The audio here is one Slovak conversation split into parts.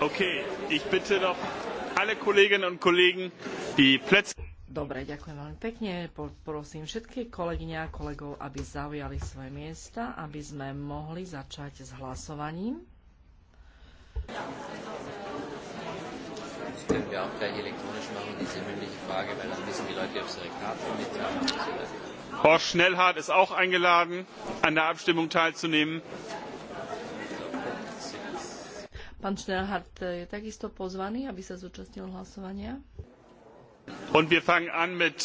Okay, ich bitte noch alle Kolleginnen und Kollegen, die Plätze... Dobre, ďakujem veľmi pekne. Prosím všetky kolegyne a kolegov, aby zaujali svoje miesta, aby sme mohli začať s hlasovaním. Können wir auch gleich elektronisch machen, diese mündliche Horst Schnellhardt ist auch eingeladen, an der Abstimmung teilzunehmen. Pán Schnellhardt je takisto pozvaný, aby sa zúčastnil hlasovania. Und wir fangen an mit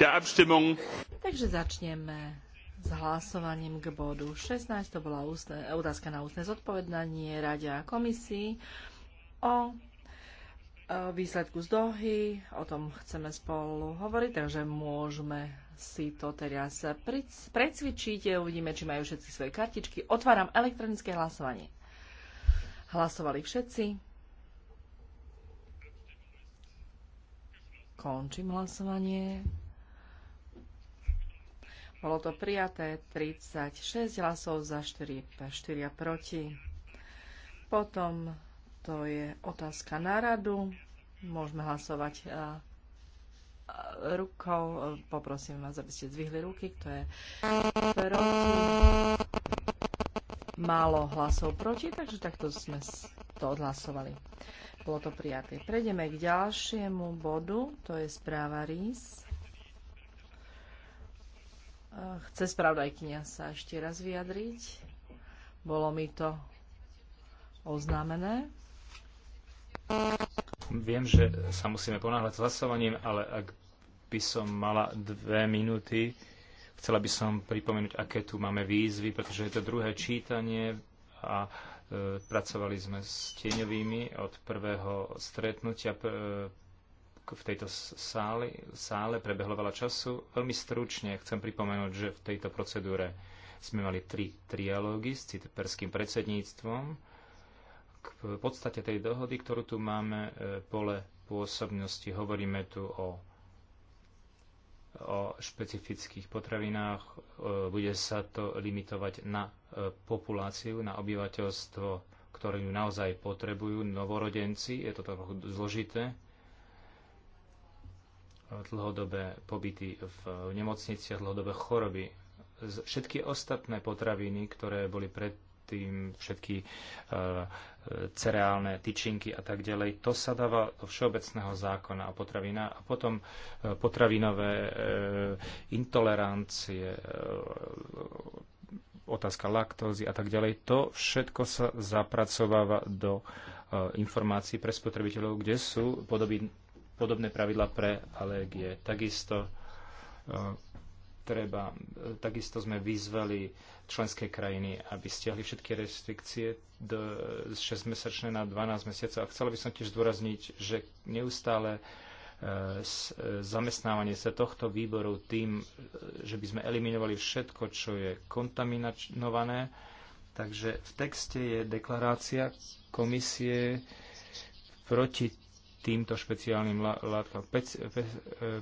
der Abstimmung. Takže začneme s hlasovaním k bodu 16. To bola ústne, otázka na ústne zodpovedanie Rade a komisii o e, výsledku z dohy. O tom chceme spolu hovoriť, takže môžeme si to teraz precvičiť. Uvidíme, či majú všetci svoje kartičky. Otváram elektronické hlasovanie. Hlasovali všetci. Končím hlasovanie. Bolo to prijaté 36 hlasov za 4, 4 proti. Potom to je otázka na radu. Môžeme hlasovať eh, eh, rukou. Poprosím vás, aby ste zvihli ruky, kto je proti málo hlasov proti, takže takto sme to odhlasovali. Bolo to prijaté. Prejdeme k ďalšiemu bodu, to je správa RIS. Chce spravodajkynia sa ešte raz vyjadriť. Bolo mi to oznámené. Viem, že sa musíme ponáhľať s hlasovaním, ale ak by som mala dve minúty, Chcela by som pripomenúť, aké tu máme výzvy, pretože je to druhé čítanie a e, pracovali sme s tieňovými od prvého stretnutia e, v tejto sále, sále prebehlo veľa času. Veľmi stručne chcem pripomenúť, že v tejto procedúre sme mali tri trialógy s cyperským predsedníctvom. K podstate tej dohody, ktorú tu máme, e, pole pôsobnosti, hovoríme tu o o špecifických potravinách. E, bude sa to limitovať na e, populáciu, na obyvateľstvo, ktoré ju naozaj potrebujú, novorodenci. Je to trochu zložité. Dlhodobé pobyty v nemocniciach, dlhodobé choroby. Všetky ostatné potraviny, ktoré boli predtým, všetky e, cereálne tyčinky a tak ďalej. To sa dáva do všeobecného zákona o potravina a potom e, potravinové e, intolerancie, e, otázka laktózy a tak ďalej. To všetko sa zapracováva do informácií pre spotrebiteľov, kde sú podobné pravidla pre alergie. Takisto treba, e, takisto sme vyzvali členské krajiny, aby stiahli všetky restrikcie do 6-mesačné na 12 mesiacov. A chcela by som tiež zdôrazniť, že neustále e, e, zamestnávanie sa tohto výboru tým, že by sme eliminovali všetko, čo je kontaminované. Takže v texte je deklarácia komisie proti týmto špeciálnym látkam, e,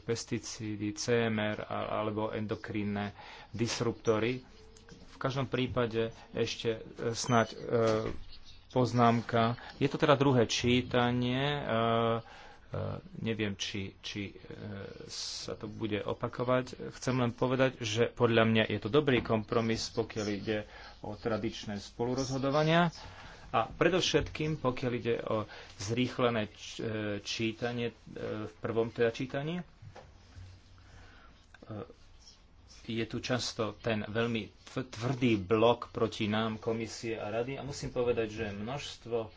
pesticídy, CMR alebo endokrinné disruptory. V každom prípade ešte e, snáď e, poznámka. Je to teda druhé čítanie. Neviem, či, či sa to bude opakovať. Chcem len povedať, že podľa mňa je to dobrý kompromis, pokiaľ ide o tradičné spolurozhodovania a predovšetkým, pokiaľ ide o zrýchlené e, čítanie e, v prvom teda čítaní, e, je tu často ten veľmi tvrdý blok proti nám, komisie a rady. A musím povedať, že množstvo,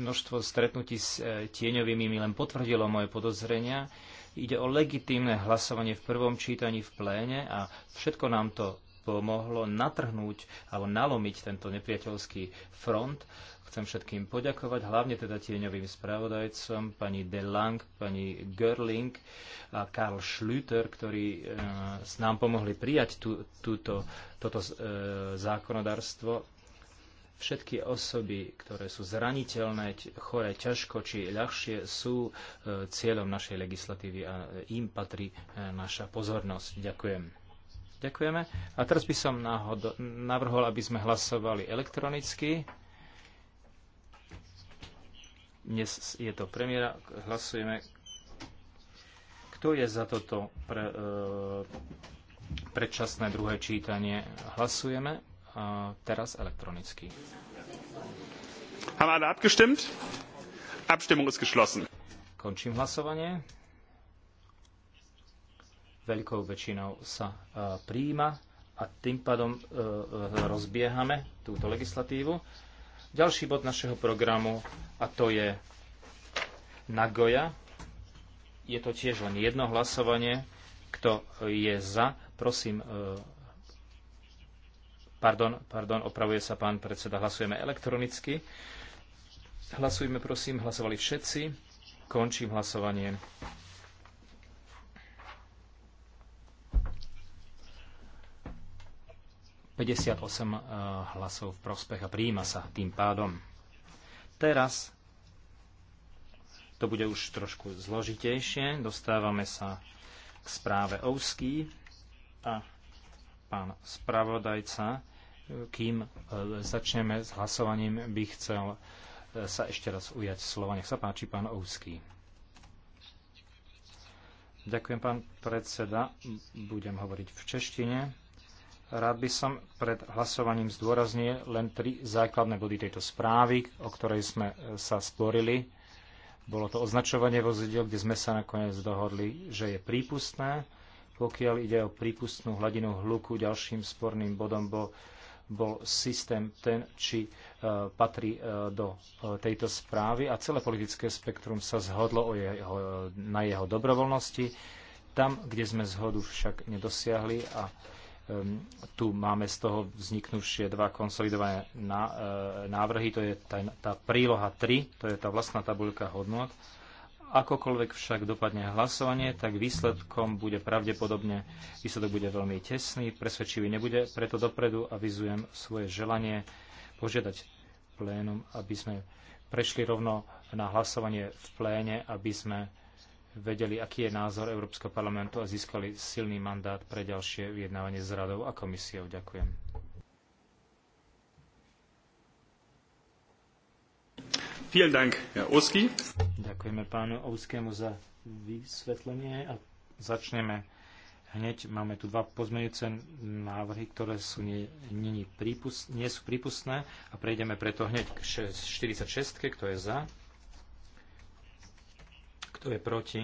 množstvo stretnutí s tieňovými mi len potvrdilo moje podozrenia. Ide o legitímne hlasovanie v prvom čítaní v pléne a všetko nám to pomohlo natrhnúť alebo nalomiť tento nepriateľský front. Chcem všetkým poďakovať, hlavne teda tieňovým spravodajcom, pani De Lang, pani Görling a Karl Schlüter, ktorí e, s nám pomohli prijať tú, túto, toto e, zákonodarstvo. Všetky osoby, ktoré sú zraniteľné, chore ťažko či ľahšie, sú e, cieľom našej legislatívy a im patrí e, naša pozornosť. Ďakujem. Ďakujeme. A teraz by som navrhol, aby sme hlasovali elektronicky. Dnes je to premiéra. Hlasujeme. Kto je za toto pre, e, predčasné druhé čítanie? Hlasujeme a e, teraz elektronicky. Haben alle abgestimmt? Abstimmung ist geschlossen. Končím hlasovanie veľkou väčšinou sa e, príjima a tým pádom e, e, rozbiehame túto legislatívu. Ďalší bod našeho programu a to je Nagoja. Je to tiež len jedno hlasovanie. Kto je za, prosím. Pardon, pardon, opravuje sa pán predseda. Hlasujeme elektronicky. Hlasujme, prosím. Hlasovali všetci. Končím hlasovanie. 58 eh, hlasov v prospech a prijíma sa tým pádom. Teraz to bude už trošku zložitejšie. Dostávame sa k správe Ousky a pán spravodajca, kým eh, začneme s hlasovaním, by chcel eh, sa ešte raz ujať slova. Nech sa páči, pán Ousky. Ďakujem, pán predseda. Budem hovoriť v češtine Rád by som pred hlasovaním zdôraznil len tri základné body tejto správy, o ktorej sme e, sa sporili. Bolo to označovanie vozidel, kde sme sa nakoniec dohodli, že je prípustné. Pokiaľ ide o prípustnú hladinu hluku, ďalším sporným bodom bol, bol systém ten, či e, patrí e, do e, tejto správy a celé politické spektrum sa zhodlo o jeho, e, na jeho dobrovoľnosti. Tam, kde sme zhodu však nedosiahli a Ehm, tu máme z toho vzniknúšie dva konsolidované e, návrhy, to je tá, tá príloha 3, to je tá vlastná tabuľka hodnot. Akokoľvek však dopadne hlasovanie, tak výsledkom bude pravdepodobne, výsledok bude veľmi tesný, presvedčivý nebude, preto dopredu avizujem svoje želanie požiadať plénum, aby sme prešli rovno na hlasovanie v pléne, aby sme vedeli, aký je názor Európskeho parlamentu a získali silný mandát pre ďalšie vyjednávanie s radou a komisiou. Ďakujem. Ďakujeme pánu Ouskému za vysvetlenie a začneme hneď. Máme tu dva pozmeňujúce návrhy, ktoré sú nie, nie, nie, nie sú prípustné a prejdeme preto hneď k 46, kto je za. Kto je proti?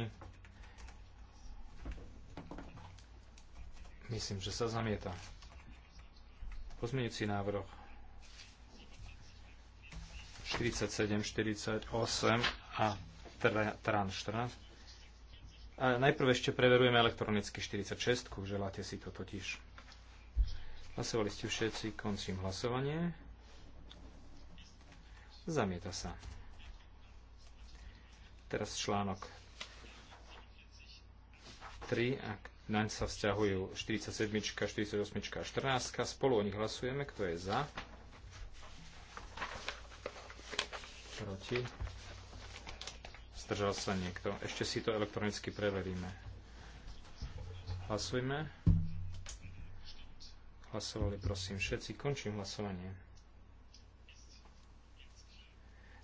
Myslím, že sa zamieta. Pozmeňujúci návrh 47, 48 a tran 14. A najprv ešte preverujeme elektronicky 46, želáte si to totiž. Hlasovali ste všetci, končím hlasovanie. Zamieta sa. Teraz článok 3, a naň sa vzťahujú 47, 48 a 14. Spolu o nich hlasujeme, kto je za. Proti. Zdržal sa niekto. Ešte si to elektronicky preveríme. Hlasujme. Hlasovali prosím všetci. Končím hlasovanie.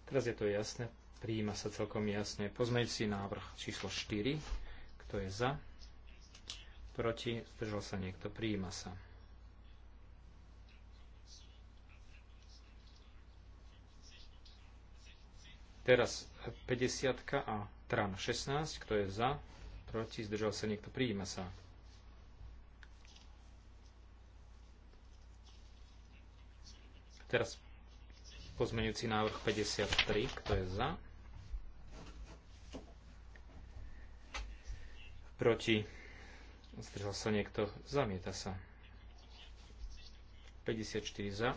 Teraz je to jasné. Prijíma sa celkom jasne si návrh číslo 4. Kto je za? Proti? Zdržal sa niekto? Prijíma sa. Teraz 50 a tram 16. Kto je za? Proti? Zdržal sa niekto? Prijíma sa. Teraz pozmeňujúci návrh 53. Kto je za? proti, zdržal sa niekto, zamieta sa. 54 za,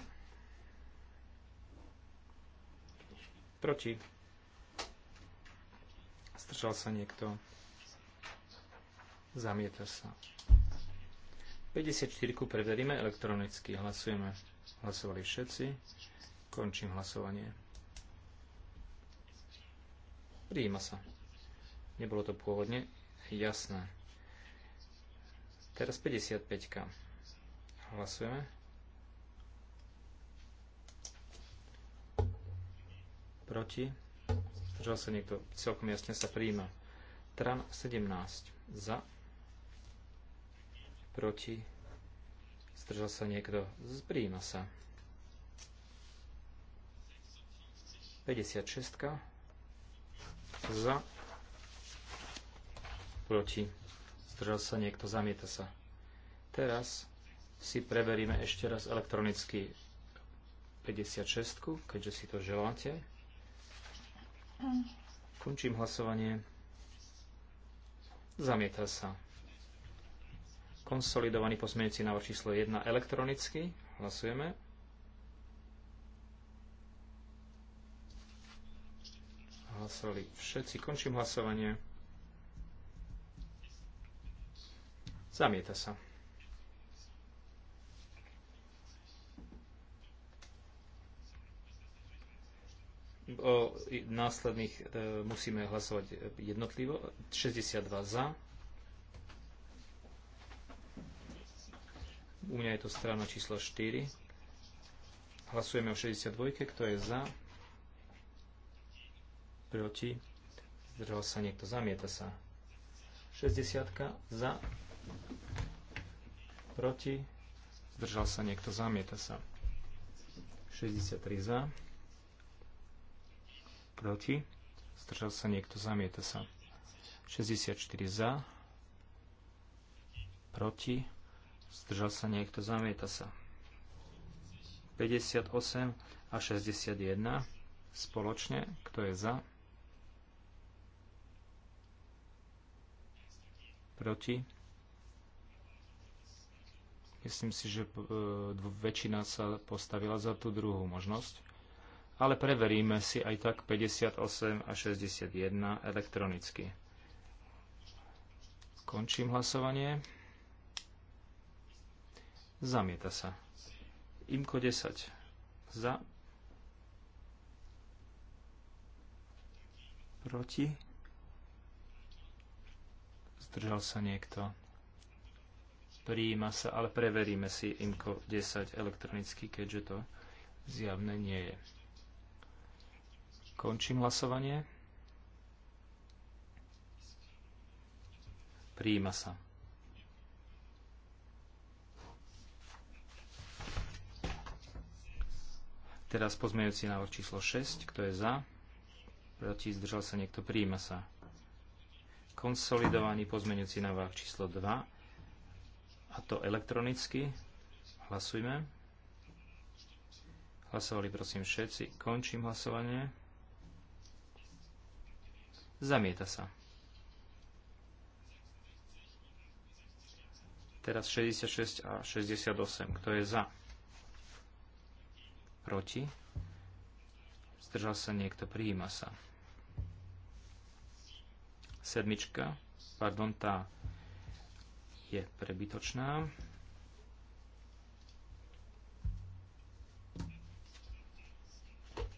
proti, zdržal sa niekto, zamieta sa. 54 preveríme elektronicky, hlasujeme. Hlasovali všetci. Končím hlasovanie. Prijíma sa. Nebolo to pôvodne Jasné. Teraz 55. -ka. Hlasujeme. Proti. Zdržal sa niekto. Celkom jasne sa príjma. Tran 17. Za. Proti. Zdržal sa niekto. Príjma sa. 56. Za proti, zdržal sa niekto, zamieta sa. Teraz si preveríme ešte raz elektronicky 56, keďže si to želáte. Končím hlasovanie. Zamieta sa. Konsolidovaný posmenujúci návrh číslo 1 elektronicky. Hlasujeme. Hlasovali všetci. Končím hlasovanie. Zamieta sa. O následných e, musíme hlasovať jednotlivo. 62 za. U mňa je to strana číslo 4. Hlasujeme o 62, kto je za, proti, zdržal sa niekto, zamieta sa. 60 za, Proti? Zdržal sa niekto? Zamieta sa. 63 za. Proti? Zdržal sa niekto? Zamieta sa. 64 za. Proti? Zdržal sa niekto? Zamieta sa. 58 a 61 spoločne. Kto je za? Proti? Myslím si, že e, väčšina sa postavila za tú druhú možnosť. Ale preveríme si aj tak 58 a 61 elektronicky. Končím hlasovanie. Zamieta sa. Imko 10. Za. Proti. Zdržal sa niekto. Prijíma sa, ale preveríme si IMCO 10 elektronicky, keďže to zjavné nie je. Končím hlasovanie. Prijíma sa. Teraz pozmejúci návrh číslo 6. Kto je za? Proti? Zdržal sa niekto? Prijíma sa. Konsolidovaný pozmeňujúci návrh číslo 2 a to elektronicky. Hlasujme. Hlasovali prosím všetci. Končím hlasovanie. Zamieta sa. Teraz 66 a 68. Kto je za? Proti? Zdržal sa niekto. Prijíma sa. Sedmička. Pardon, tá je prebytočná.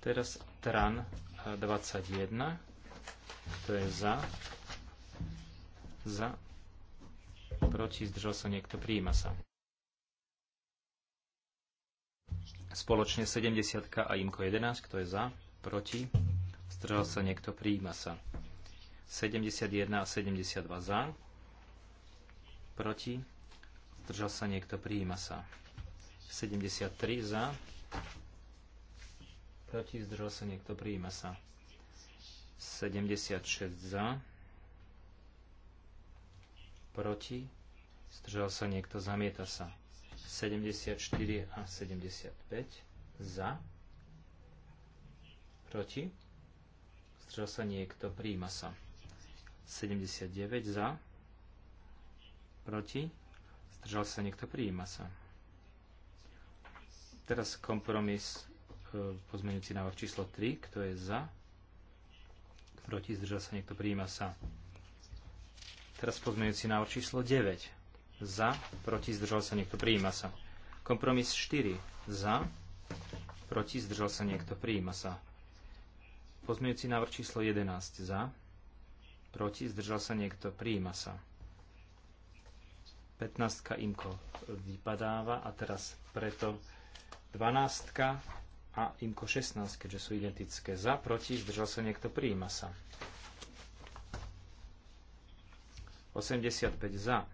Teraz TRAN 21, to je za, za, proti, zdržal sa niekto, prijíma sa. Spoločne 70 a IMKO 11, kto je za, proti, zdržal sa niekto, prijíma sa. 71 a 72 za, proti, zdržal sa niekto, prijíma sa. 73 za, proti, zdržal sa niekto, prijíma sa. 76 za, proti, zdržal sa niekto, zamieta sa. 74 a 75 za, proti, zdržal sa niekto, prijíma sa. 79 za, Proti? Zdržal sa niekto? Prijíma sa. Teraz kompromis e, pozmeňujúci návrh číslo 3. Kto je za? Proti? Zdržal sa niekto? Prijíma sa. Teraz pozmeňujúci návrh číslo 9. Za? Proti? Zdržal sa niekto? Prijíma sa. Kompromis 4. Za? Proti? Zdržal sa niekto? Prijíma sa. Pozmeňujúci návrh číslo 11. Za? Proti? Zdržal sa niekto? Prijíma sa. 15 imko vypadáva a teraz preto 12 a imko 16, keďže sú identické. Za, proti, zdržal sa niekto, prijíma sa. 85 za,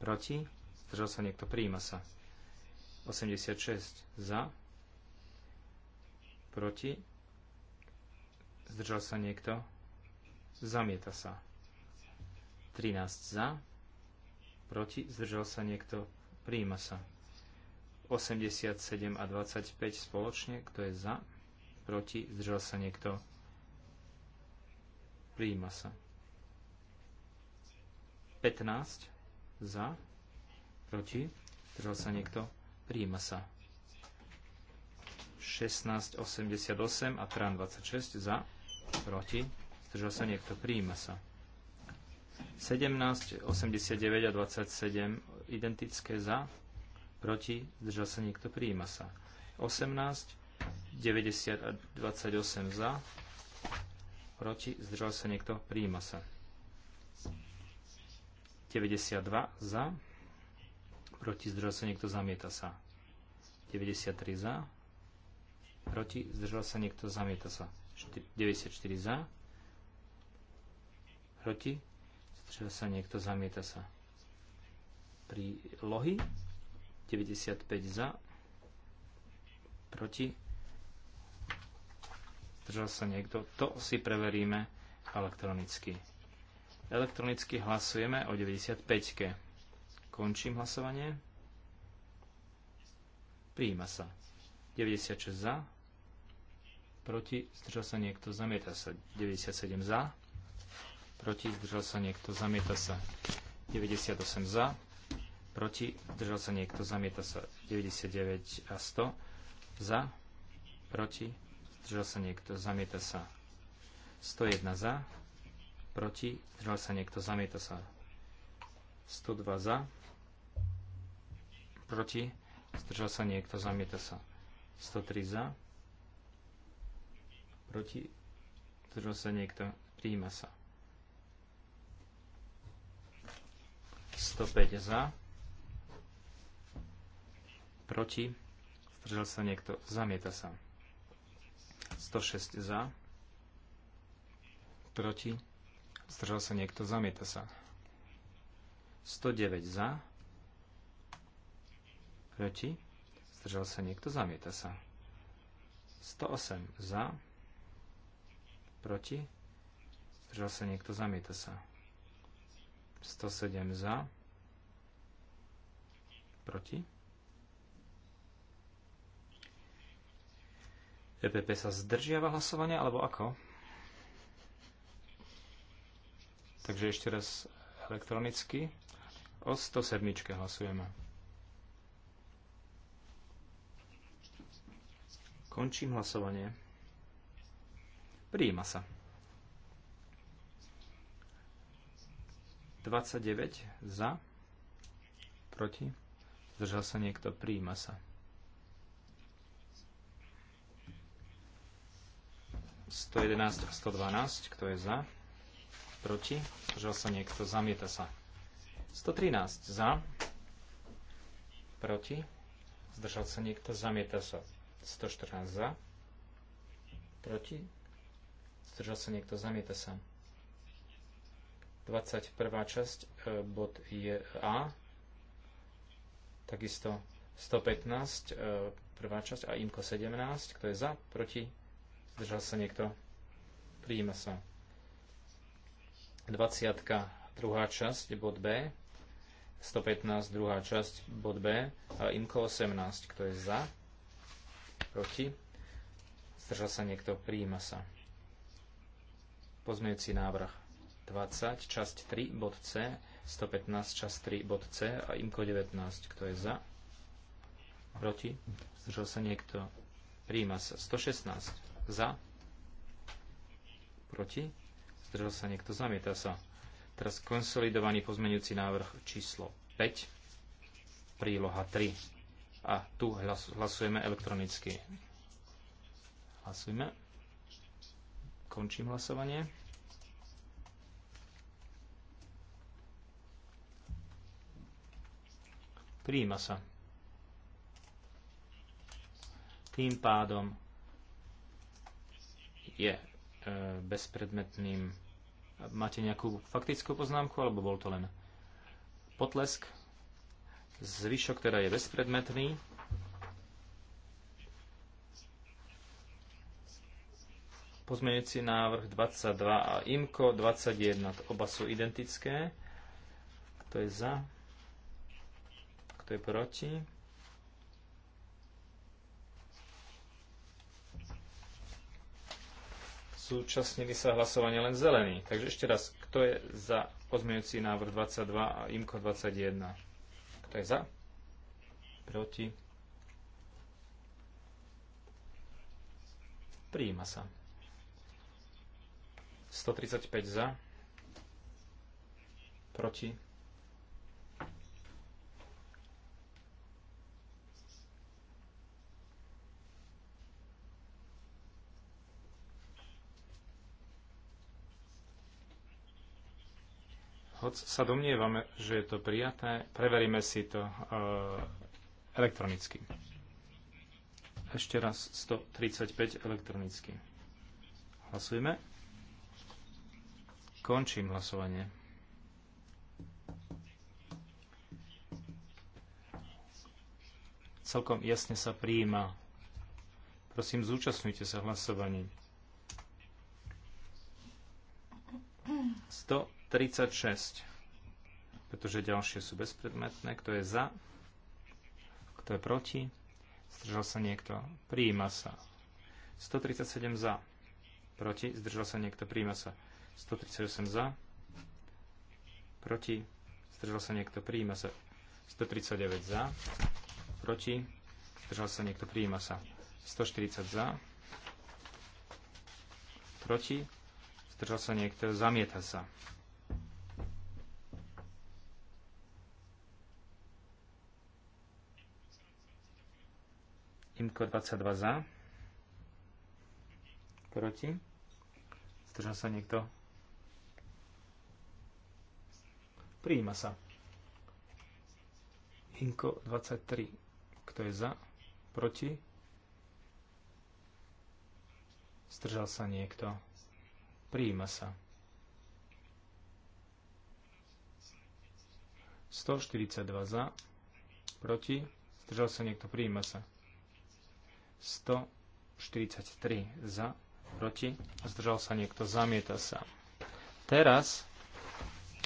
proti, zdržal sa niekto, prijíma sa. 86 za, proti, zdržal sa niekto, zamieta sa. 13 za, proti, zdržal sa niekto, Príjima sa. 87 a 25 spoločne, kto je za, proti, zdržal sa niekto, Príjima sa. 15 za, proti, zdržal sa niekto, Príjima sa. 16, 88 a Trán 26 za, proti, zdržal sa niekto, Príjima sa. 17, 89 a 27 identické za, proti, zdržal sa niekto, prijíma sa. 18, 90 a 28 za, proti, zdržal sa niekto, prijíma sa. 92 za, proti, zdržal sa niekto, zamieta sa. 93 za, proti, zdržal sa niekto, zamieta sa. 94 za, proti, že sa niekto, zamieta sa. Pri lohy 95 za, proti. Zdržal sa niekto, to si preveríme elektronicky. Elektronicky hlasujeme o 95-ke. Končím hlasovanie. Prijíma sa. 96 za, proti, zdržal sa niekto, zamieta sa. 97 za, proti, zdržal sa niekto, zamieta sa. 98 za, proti, zdržal sa niekto, zamieta sa. 99 a 100 za, proti, zdržal sa niekto, zamieta sa. 101 za, proti, zdržal sa niekto, zamieta sa. 102 za, proti, zdržal sa niekto, zamieta sa. 103 za, proti, zdržal sa niekto, prijíma sa. 105 za. Proti. Zdržal sa niekto. Zamieta sa. 106 za. Proti. Zdržal sa niekto. Zamieta sa. 109 za. Proti. Zdržal sa niekto. Zamieta sa. 108 za. Proti. Zdržal sa niekto. Zamieta sa. 107 za, proti. EPP sa zdržiava hlasovania, alebo ako? Takže ešte raz elektronicky. O 107 hlasujeme. Končím hlasovanie. Prijíma sa. 29 za, proti, zdržal sa niekto, príjma sa. 111 a 112, kto je za, proti, zdržal sa niekto, zamieta sa. 113 za, proti, zdržal sa niekto, zamieta sa. 114 za, proti, zdržal sa niekto, zamieta sa. 21. časť, e, bod je A, takisto 115, e, prvá časť a IMKO 17, kto je za, proti, zdržal sa niekto, prijíma sa. 20. druhá časť, bod B, 115, druhá časť, bod B a IMKO 18, kto je za, proti, zdržal sa niekto, prijíma sa. Pozmejúci návrh 20, časť 3, bod C, 115, časť 3, bod C a Imko 19. Kto je za? Proti? Zdržal sa niekto? Príjima sa. 116. Za? Proti? Zdržal sa niekto? Zamieta sa. Teraz konsolidovaný pozmeňujúci návrh číslo 5, príloha 3. A tu hlasujeme elektronicky. Hlasujeme. Končím hlasovanie. Prijíma sa. Tým pádom je e, bezpredmetným. Máte nejakú faktickú poznámku, alebo bol to len potlesk? Zvyšok teda je bezpredmetný. Pozmeňujúci návrh 22 a IMKO 21, oba sú identické. Kto je za? Kto je proti? Súčasnili sa hlasovanie len zelení. Takže ešte raz, kto je za pozmeňujúci návrh 22 a IMKO 21? Kto je za? Proti? Prijíma sa. 135 za. Proti? hoc sa domnievame, že je to prijaté, preveríme si to e, elektronicky. Ešte raz 135 elektronicky. Hlasujeme. Končím hlasovanie. Celkom jasne sa prijíma. Prosím, zúčastňujte sa hlasovaní. 100 36, pretože ďalšie sú bezpredmetné. Kto je za? Kto je proti? Zdržal sa niekto? Prijíma sa. 137 za. Proti? Zdržal sa niekto? Prijíma sa. 138 za. Proti? Zdržal sa niekto? Prijíma sa. 139 za. Proti? Zdržal sa niekto? Prijíma sa. 140 za. Proti? Zdržal sa niekto? Zamieta sa. Imko 22 za. Proti. Zdržal sa niekto? Prijíma sa. Inko 23. Kto je za? Proti? Zdržal sa niekto? Prijíma sa. 142 za. Proti? Zdržal sa niekto? Prijíma sa. 143 za, proti, zdržal sa niekto, zamieta sa. Teraz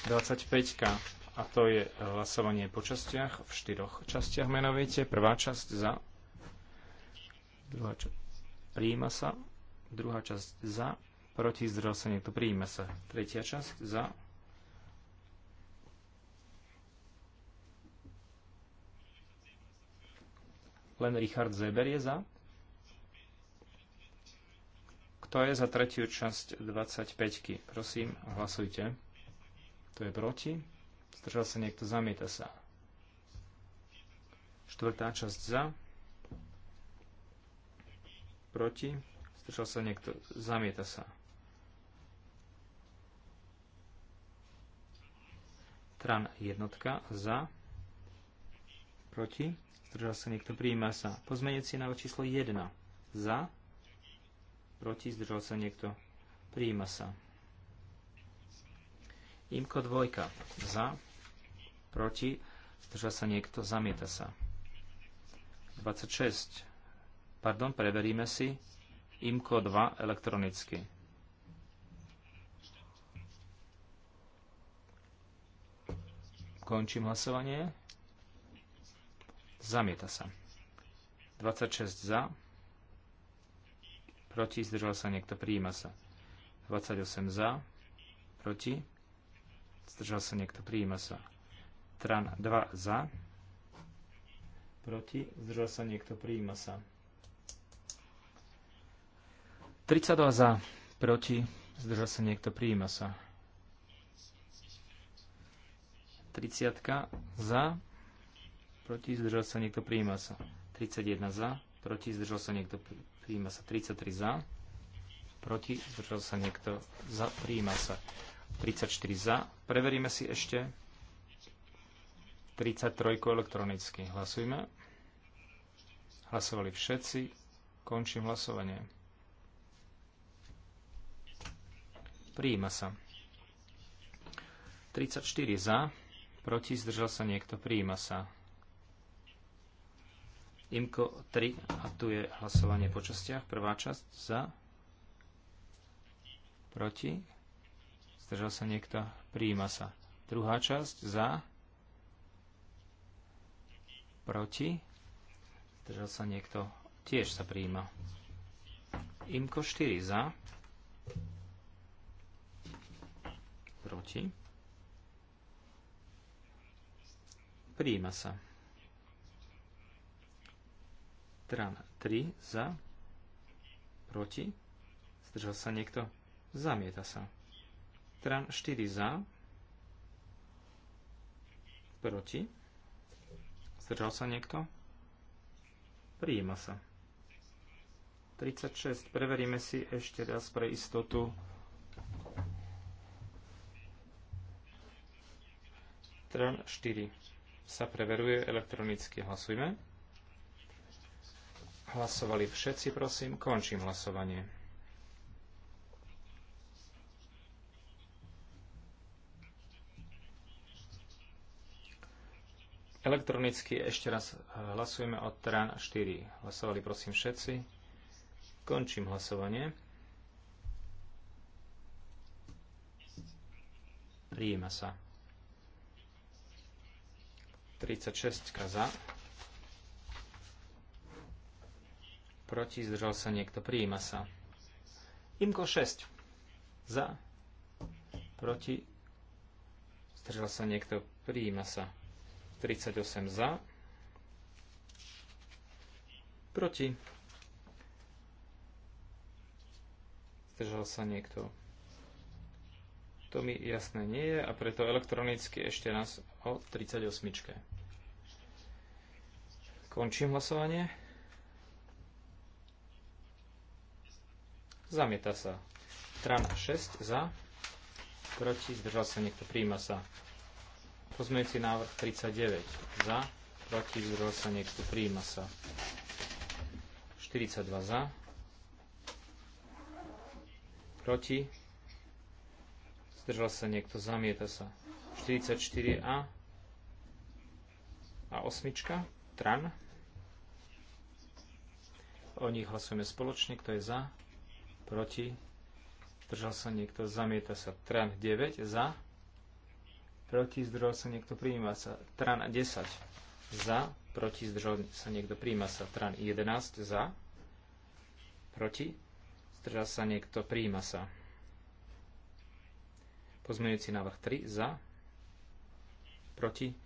25 a to je hlasovanie po častiach, v štyroch častiach menovite. Prvá časť za, druhá časť príjma sa, druhá časť za, proti, zdržal sa niekto, príjima sa. Tretia časť za, len Richard Zeber je za. Kto je za tretiu časť 25? Prosím, hlasujte. Kto je proti? Zdržal sa niekto, zamieta sa. Štvrtá časť za. Proti. Zdržal sa niekto, zamieta sa. Tran jednotka za. Proti. Zdržal sa niekto, prijíma sa. Pozmenec je na číslo 1. Za proti, zdržal sa niekto, príjima sa. Imko dvojka, za, proti, zdržal sa niekto, zamieta sa. 26, pardon, preveríme si, Imko 2 elektronicky. Končím hlasovanie. Zamieta sa. 26 za, proti, zdržal sa niekto, prijíma sa. 28 za, proti, zdržal sa niekto, prijíma sa. Tran 2 za, proti, zdržal sa niekto, prijíma sa. 32 za, proti, zdržal sa niekto, prijíma sa. 30 za, proti, zdržal sa niekto, prijíma sa. 31 za, proti, zdržal sa niekto, prijíma sa. Príjima sa 33 za. Proti. Zdržal sa niekto. Za. Príjima sa 34 za. Preveríme si ešte. 33 elektronicky. Hlasujme. Hlasovali všetci. Končím hlasovanie. Príjima sa. 34 za. Proti. Zdržal sa niekto. Príjima sa. IMKO 3 a tu je hlasovanie po častiach. Prvá časť za, proti, zdržal sa niekto, prijíma sa. Druhá časť za, proti, zdržal sa niekto, tiež sa prijíma. IMKO 4 za, proti, prijíma sa. Tran 3 za, proti, zdržal sa niekto, zamieta sa. Tran 4 za, proti, zdržal sa niekto, prijíma sa. 36. Preveríme si ešte raz pre istotu. Tran 4 sa preveruje elektronicky. Hlasujme. Hlasovali všetci, prosím. Končím hlasovanie. Elektronicky ešte raz hlasujeme od trán 4. Hlasovali prosím všetci. Končím hlasovanie. Príjima sa. 36 za. proti, zdržal sa niekto, prijíma sa. Imko 6, za, proti, zdržal sa niekto, prijíma sa. 38 za, proti, zdržal sa niekto. To mi jasné nie je a preto elektronicky ešte raz o 38. Končím hlasovanie. Zamieta sa. Tran 6 za. Proti. Zdržal sa niekto. Príjma sa. Pozmeňujúci návrh 39 za. Proti. Zdržal sa niekto. Príjma sa. 42 za. Proti. Zdržal sa niekto. Zamieta sa. 44 a a osmička. Tran. O nich hlasujeme spoločne. Kto je za? proti, zdržal sa niekto, zamieta sa. Tran 9 za, proti, zdržal sa niekto, prijíma sa. Tran 10 za, proti, zdržal sa niekto, prijíma sa. Tran 11 za, proti, zdržal sa niekto, prijíma sa. Pozmeňujúci návrh 3 za, proti,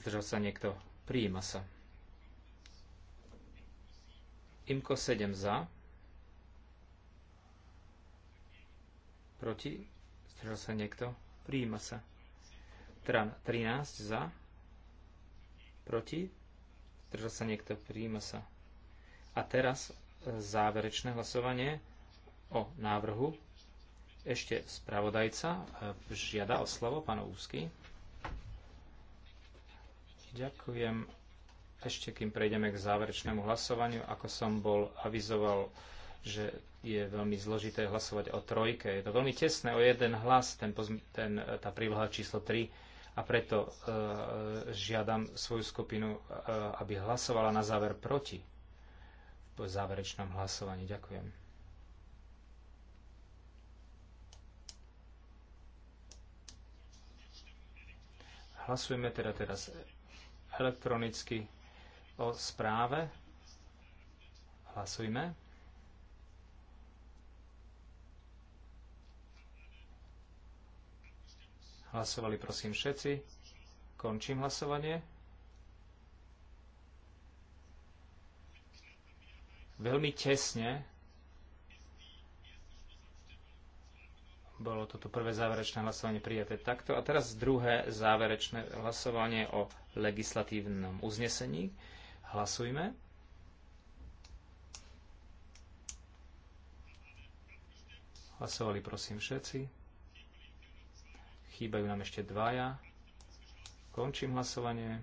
zdržal sa niekto, prijíma sa. Imko 7 za, proti, zdržal sa niekto, Príjima sa. Tran 13 za, proti, zdržal sa niekto, Príjima sa. A teraz e, záverečné hlasovanie o návrhu. Ešte spravodajca e, žiada o slovo, pán Úsky. Ďakujem. Ešte kým prejdeme k záverečnému hlasovaniu, ako som bol avizoval, že je veľmi zložité hlasovať o trojke. Je to veľmi tesné o jeden hlas, ten, ten, e, tá príloha číslo 3 a preto uh, žiadam svoju skupinu, uh, aby hlasovala na záver proti v záverečnom hlasovaní. Ďakujem. Hlasujeme teda teraz elektronicky o správe. Hlasujme. Hlasovali prosím všetci. Končím hlasovanie. Veľmi tesne bolo toto prvé záverečné hlasovanie prijaté takto. A teraz druhé záverečné hlasovanie o legislatívnom uznesení. Hlasujme. Hlasovali prosím všetci. Chýbajú nám ešte dvaja. Končím hlasovanie.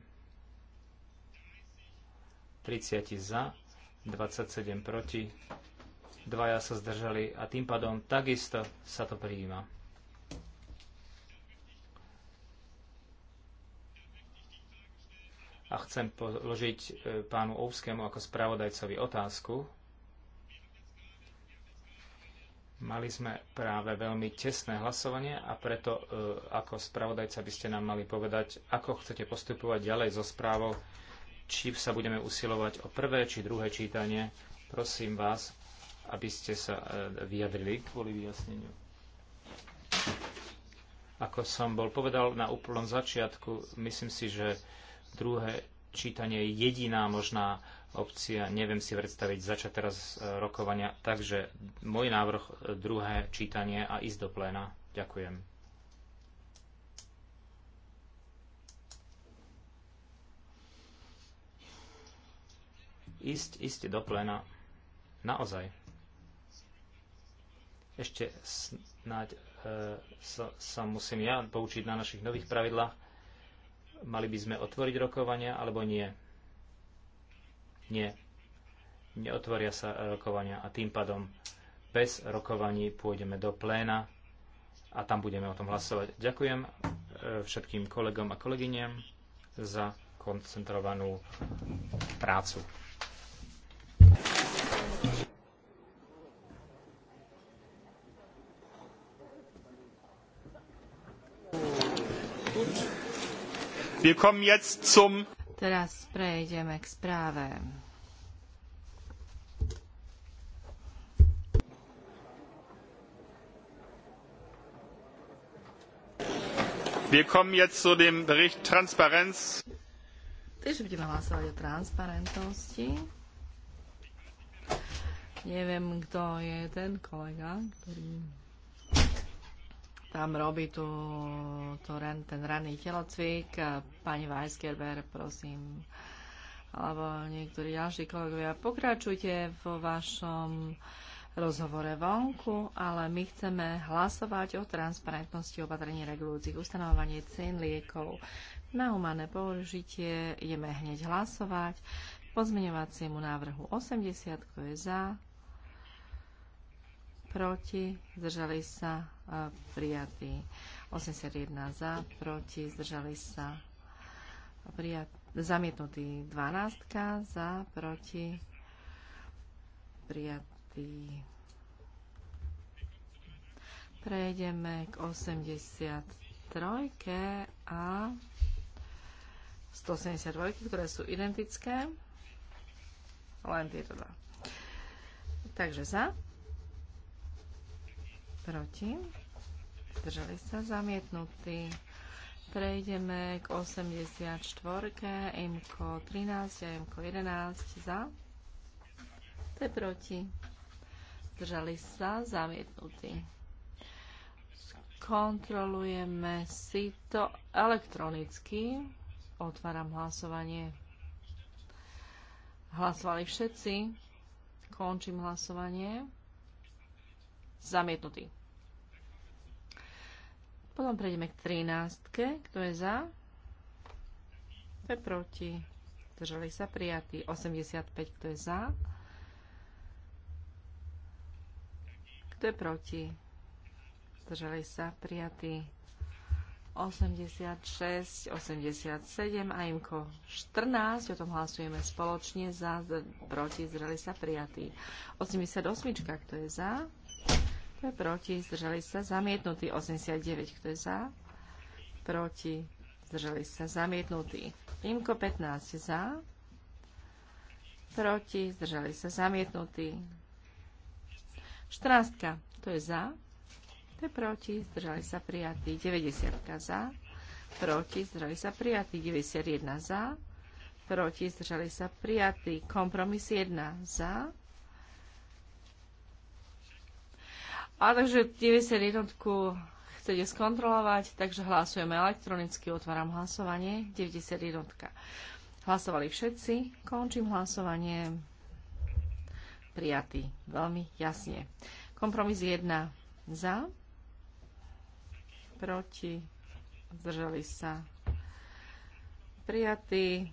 30 za, 27 proti, dvaja sa zdržali a tým pádom takisto sa to prijíma. A chcem položiť e, pánu Ovskému ako spravodajcovi otázku. Mali sme práve veľmi tesné hlasovanie a preto e, ako spravodajca by ste nám mali povedať, ako chcete postupovať ďalej so správou, či sa budeme usilovať o prvé či druhé čítanie. Prosím vás, aby ste sa e, vyjadrili kvôli vyjasneniu. Ako som bol povedal na úplnom začiatku, myslím si, že druhé čítanie je jediná možná opcia. Neviem si predstaviť začať teraz e, rokovania. Takže môj návrh e, druhé čítanie a ísť do pléna. Ďakujem. Ísť, ísť do pléna. Naozaj. Ešte snáď e, sa, sa musím ja poučiť na našich nových pravidlách. Mali by sme otvoriť rokovania alebo nie? nie, neotvoria sa rokovania a tým pádom bez rokovaní pôjdeme do pléna a tam budeme o tom hlasovať. Ďakujem e, všetkým kolegom a kolegyniam za koncentrovanú prácu. Wir kommen jetzt zum Teraz prejdeme k správe. Wir kommen jetzt zu dem Bericht Transparenz. Tiež budeme hlasovať o transparentnosti. Neviem, kto je ten kolega, ktorý tam robí tu, tu ran, ten ranný telocvik. Pani Weisgerber, prosím, alebo niektorí ďalší kolegovia, pokračujte vo vašom rozhovore vonku, ale my chceme hlasovať o transparentnosti opatrení regulujúcich ustanovovanie cien liekov na humané použitie. Ideme hneď hlasovať pozmeňovaciemu návrhu 80, kto je za, proti, zdržali sa e, prijatí. 81 za, proti, zdržali sa prijatí. zamietnutí. 12 za, proti, prijatí. Prejdeme k 83 a 182, ktoré sú identické. Len tieto dva. Takže za proti, zdržali sa zamietnutí. Prejdeme k 84, MK 13 a MK 11 za, to je proti, zdržali sa zamietnutí. Kontrolujeme si to elektronicky. Otváram hlasovanie. Hlasovali všetci. Končím hlasovanie. Zamietnutý. Potom prejdeme k 13. Kto je za? Kto je proti? Zdržali sa prijatí. 85. Kto je za? Kto je proti? Držali sa prijatí. 86, 87 a imko 14. O tom hlasujeme spoločne za, proti, zreli sa prijatí. 88. Kto je za? Kto proti? Zdržali sa zamietnutí. 89. Kto je za? Proti? Zdržali sa zamietnutí. Imko 15 za. Proti? Zdržali sa zamietnutí. 14. Kto je za? Kto je proti? Zdržali sa prijatí. 90. za. Proti? Zdržali sa prijatí. 91 za. Proti? Zdržali sa prijatí. Kompromis 1 za A takže 91 chcete skontrolovať, takže hlasujeme elektronicky, otváram hlasovanie, 91. Hlasovali všetci, končím hlasovanie, prijatý, veľmi jasne. Kompromis 1 za, proti, zdržali sa, prijatý,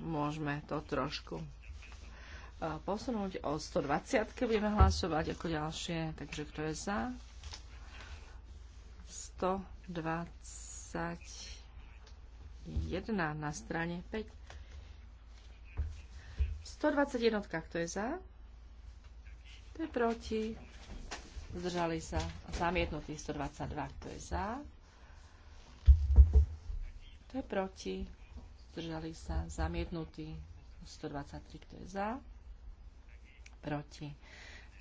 môžeme to trošku posunúť. O 120 budeme hlasovať ako ďalšie. Takže kto je za? 121 na strane 5. 121, kto je za? Kto je proti? Zdržali sa zamietnutí 122, kto je za? Kto je proti? Zdržali sa zamietnutí 123, kto je za? proti,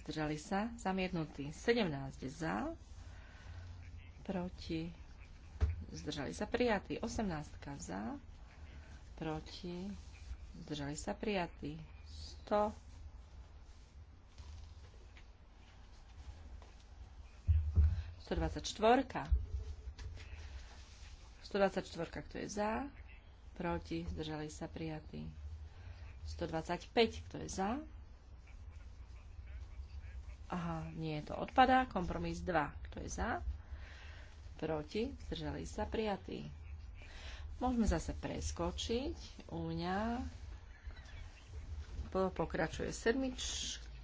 zdržali sa, zamietnutí. 17 za, proti, zdržali sa, prijatí. 18 za, proti, zdržali sa, prijatí. 100 124. 124, kto je za, proti, zdržali sa prijatí. 125, kto je za, Aha, nie, to odpadá. Kompromis 2. Kto je za? Proti? Zdržali sa prijatí. Môžeme zase preskočiť. U mňa pokračuje sedmič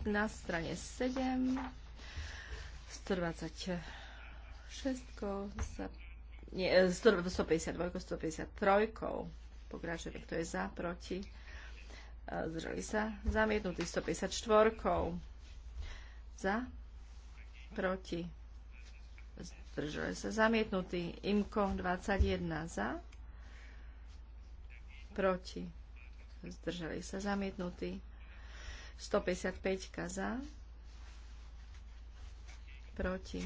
na strane 7 126 za, nie, 152 e, 153 pokračujeme kto je za, proti e, zdržali sa zamietnutý 154 za? Proti? Zdržali sa. Zamietnutý. Imko 21. Za? Proti? Zdržali sa. Zamietnutý. 155 za. Proti?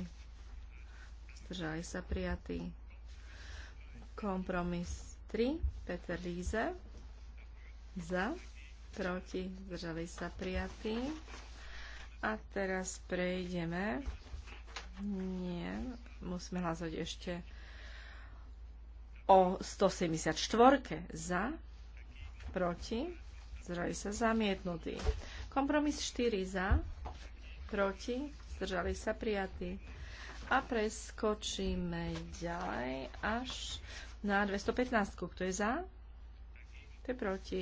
Zdržali sa. Prijatý. Kompromis 3. Peter Líze. Za? Proti? Zdržali sa. Prijatý. A teraz prejdeme. Nie, musíme hlasovať ešte o 174 za, proti, zdržali sa zamietnutí. Kompromis 4 za, proti, zdržali sa prijatí. A preskočíme ďalej až na 215. Kto je za? Kto je proti.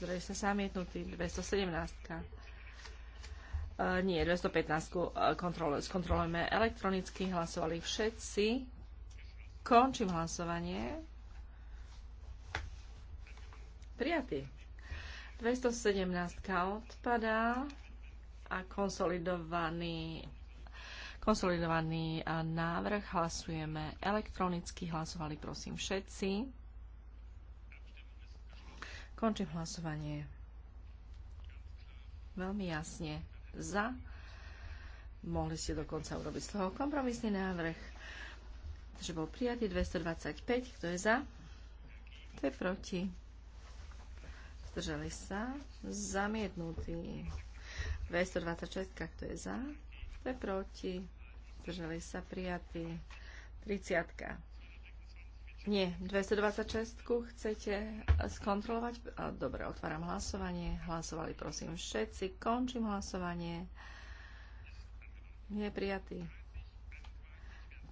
Zdržali sa zamietnutí. 217. Eh, nie, 215 eh, kontrol, skontrolujeme elektronicky, hlasovali všetci. Končím hlasovanie. Prijatý. 217 odpadá a konsolidovaný konsolidovaný eh, návrh. Hlasujeme elektronicky. Hlasovali prosím všetci. Končím hlasovanie. Veľmi jasne za. Mohli ste dokonca urobiť z toho kompromisný návrh. Takže bol prijatý 225. Kto je za? Kto je proti? Zdržali sa. Zamietnutý. 226. Kto je za? Kto je proti? Zdržali sa. Prijatý. 30. Nie, 226 chcete eh, skontrolovať? Eh, dobre, otváram hlasovanie. Hlasovali prosím všetci. Končím hlasovanie. Nie je prijatý.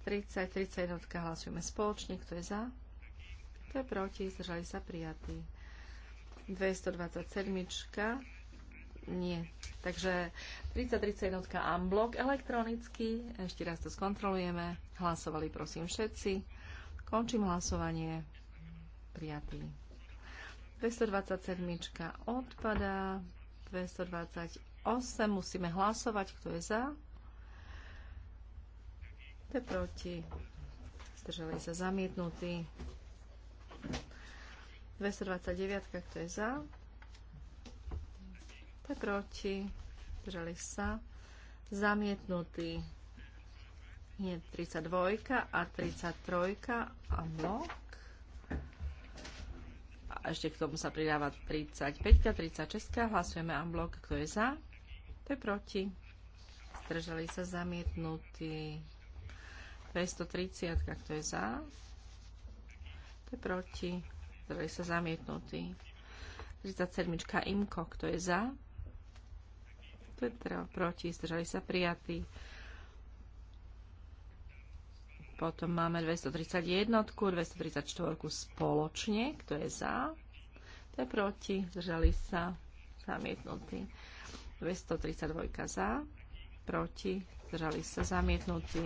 30, 31 hlasujeme spoločne. Kto je za? Kto je proti? Zdržali sa prijatí. 227. Nie. Takže 30, 31 unblock elektronicky. Ešte raz to skontrolujeme. Hlasovali prosím všetci. Končím hlasovanie. Prijatý. 227 odpadá. 228 musíme hlasovať. Kto je za? Kto je proti? Zdržali sa zamietnutí. 229, kto je za? Kto je proti? Zdržali sa zamietnutí. Nie, 32 a 33 a blok. A ešte k tomu sa pridáva 35 a 36. Hlasujeme a blok. Kto je za? Kto je proti? Zdržali sa zamietnutí. 230. Kto je za? Kto je proti? Zdržali sa zamietnutí. 37. Imko. Kto je za? Kto je proti? Zdržali sa prijatí. Potom máme 231, 234 spoločne, kto je za, kto je proti, zdržali sa, zamietnutí. 232 za, proti, zdržali sa, zamietnutí.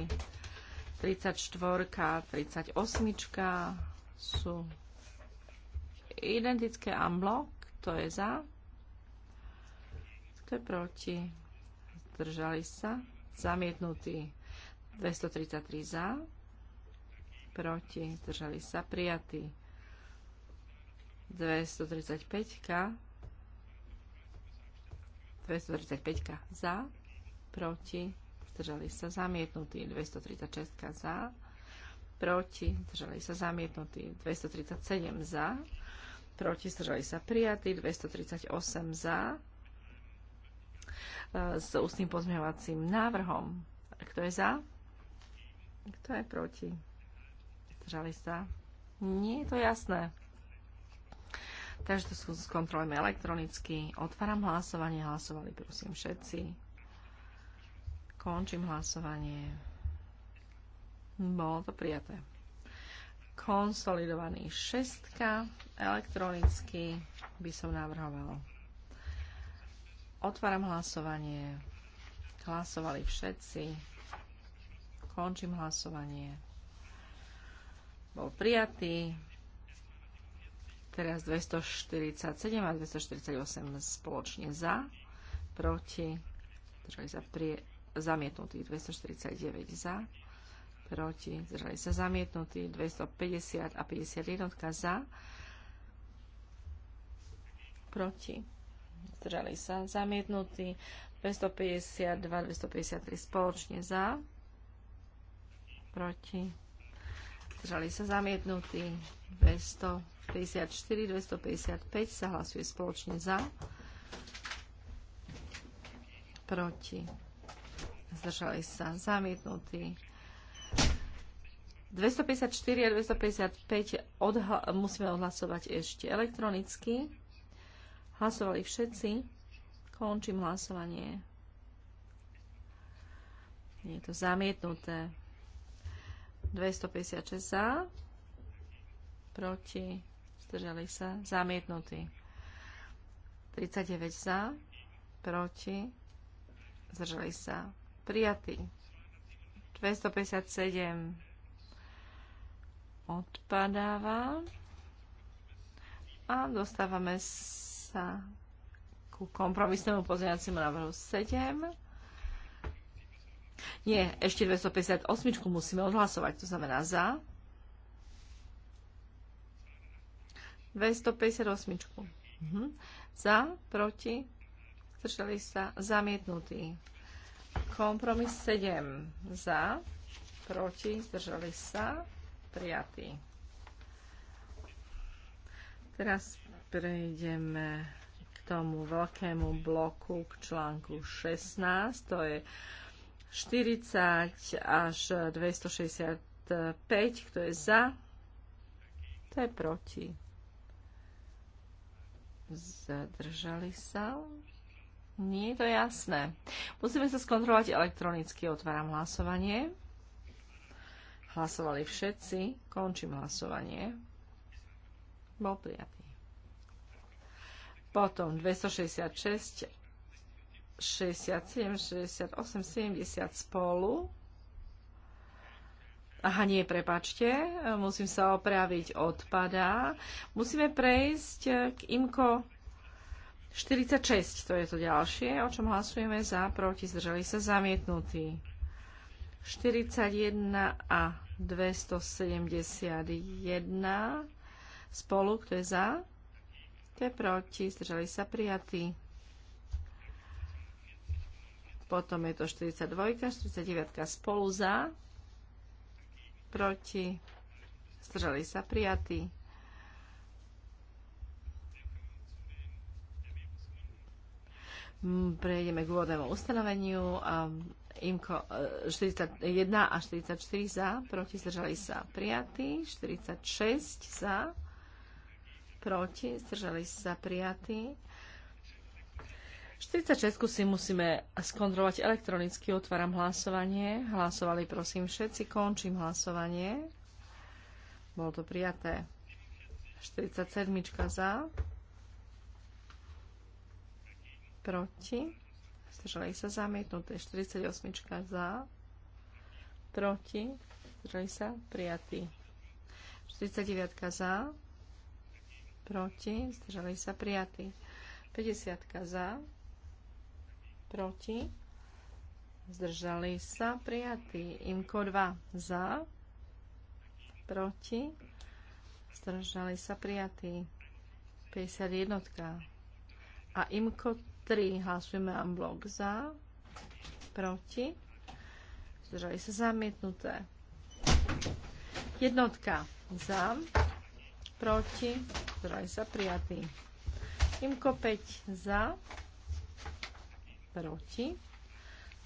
34, 38 sú identické amblok, kto je za, kto je proti, zdržali sa, zamietnutí. 233 za, proti, zdržali sa prijatí. 235 235 za, proti, zdržali sa zamietnutí. 236 za, proti, zdržali sa zamietnutí. 237 za, proti, zdržali sa prijatí. 238 za, e, s ústnym pozmeňovacím návrhom. Kto je za? Kto je proti? Zdržali sa? Nie je to jasné. Takže to skontrolujeme elektronicky. Otváram hlasovanie. Hlasovali prosím všetci. Končím hlasovanie. Bolo to prijaté. Konsolidovaný šestka. Elektronicky by som navrhoval. Otváram hlasovanie. Hlasovali všetci. Končím hlasovanie bol prijatý. Teraz 247 a 248 spoločne za, proti, držali sa prie, zamietnutí 249 za, proti, držali sa zamietnutí 250 a 51 za, proti, zdržali sa zamietnutí 252, 253 spoločne za, proti, zdržali sa zamietnutí. 254, 255 sa hlasuje spoločne za, proti, zdržali sa zamietnutí. 254 a 255 odhla- musíme odhlasovať ešte elektronicky. Hlasovali všetci. Končím hlasovanie. Je to zamietnuté. 256 za, proti, zdržali sa, zamietnutý. 39 za, proti, zdržali sa, prijatý. 257 odpadáva a dostávame sa ku kompromisnému pozmeňaciemu návrhu 7. Nie, ešte 258 musíme odhlasovať, to znamená za. 258. Mhm. Za, proti, zdržali sa, zamietnutí. Kompromis 7. Za, proti, zdržali sa, prijatý. Teraz prejdeme k tomu veľkému bloku, k článku 16. To je 40 až 265, kto je za, to je proti. Zadržali sa? Nie je to jasné. Musíme sa skontrolovať elektronicky. Otváram hlasovanie. Hlasovali všetci. Končím hlasovanie. Bol prijatý. Potom 266 67, 68, 70 spolu. Aha, nie, prepačte, musím sa opraviť, odpadá. Musíme prejsť k IMKO 46, to je to ďalšie, o čom hlasujeme za, proti, zdržali sa, zamietnutí. 41 a 271 spolu, kto je za, kto je proti, zdržali sa, prijatí. Potom je to 42, 49 spolu za, proti, zdržali sa prijatí. Mm, prejdeme k úvodnému ustanoveniu. Imko 41 e, a 44 za, proti zdržali sa prijatí, 46 za, proti zdržali sa prijatí. 46 si musíme skontrolovať elektronicky. Otváram hlasovanie. Hlasovali prosím všetci. Končím hlasovanie. Bolo to prijaté. 47 za. Proti. Zdržali sa zamietnuté. 48 za. Proti. Zdržali sa prijatí. 49 za. Proti. Zdržali sa prijatí. 50 za proti, zdržali sa prijatí. Imko 2 za, proti, zdržali sa prijatí. 51. A Imko 3 hlasujeme unblock za, proti, zdržali sa zamietnuté. Jednotka za, proti, zdržali sa prijatí. Imko 5 za, proti,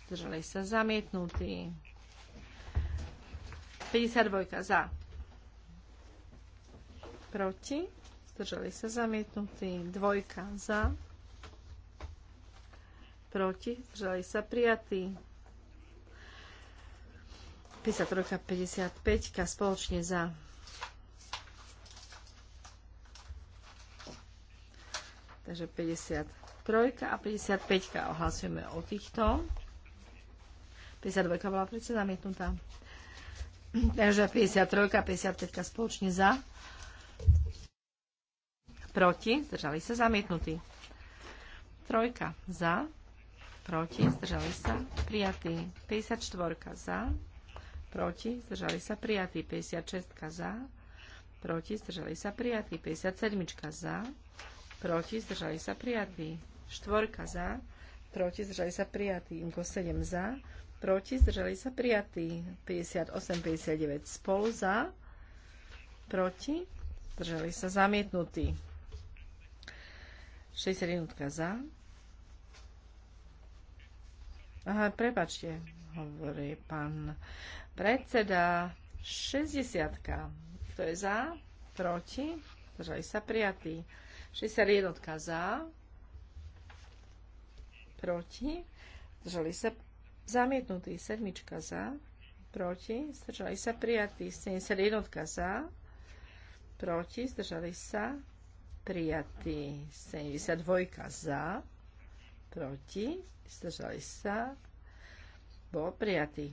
zdržali sa zamietnutí. 52 za, proti, zdržali sa zamietnutí. Dvojka za, proti, zdržali sa prijatí. 53, 55 spoločne za. Takže 50 53 a 55 ohlasujeme o týchto. 52 bola predsa zamietnutá. Takže 53 a 55 spoločne za. Proti, zdržali sa zamietnutí. Trojka za, proti, zdržali sa prijatí. 54 za, proti, zdržali sa prijatí. 56 za, proti, zdržali sa prijatí. 57 za, proti, zdržali sa prijatí. Štvorka za, proti, zdržali sa prijatí. Imko 7 za, proti, zdržali sa prijatí. 58, 59 spolu za, proti, zdržali sa zamietnutí. 61 za. Aha, prepačte, hovorí pán predseda. 60. Kto je za? Proti? Zdržali sa prijatí. 61 za, proti, zdržali sa zamietnutí, sedmička za, proti, zdržali sa prijatí, 71 za, proti, zdržali sa prijatí, 72 za, proti, zdržali sa, bol prijatý.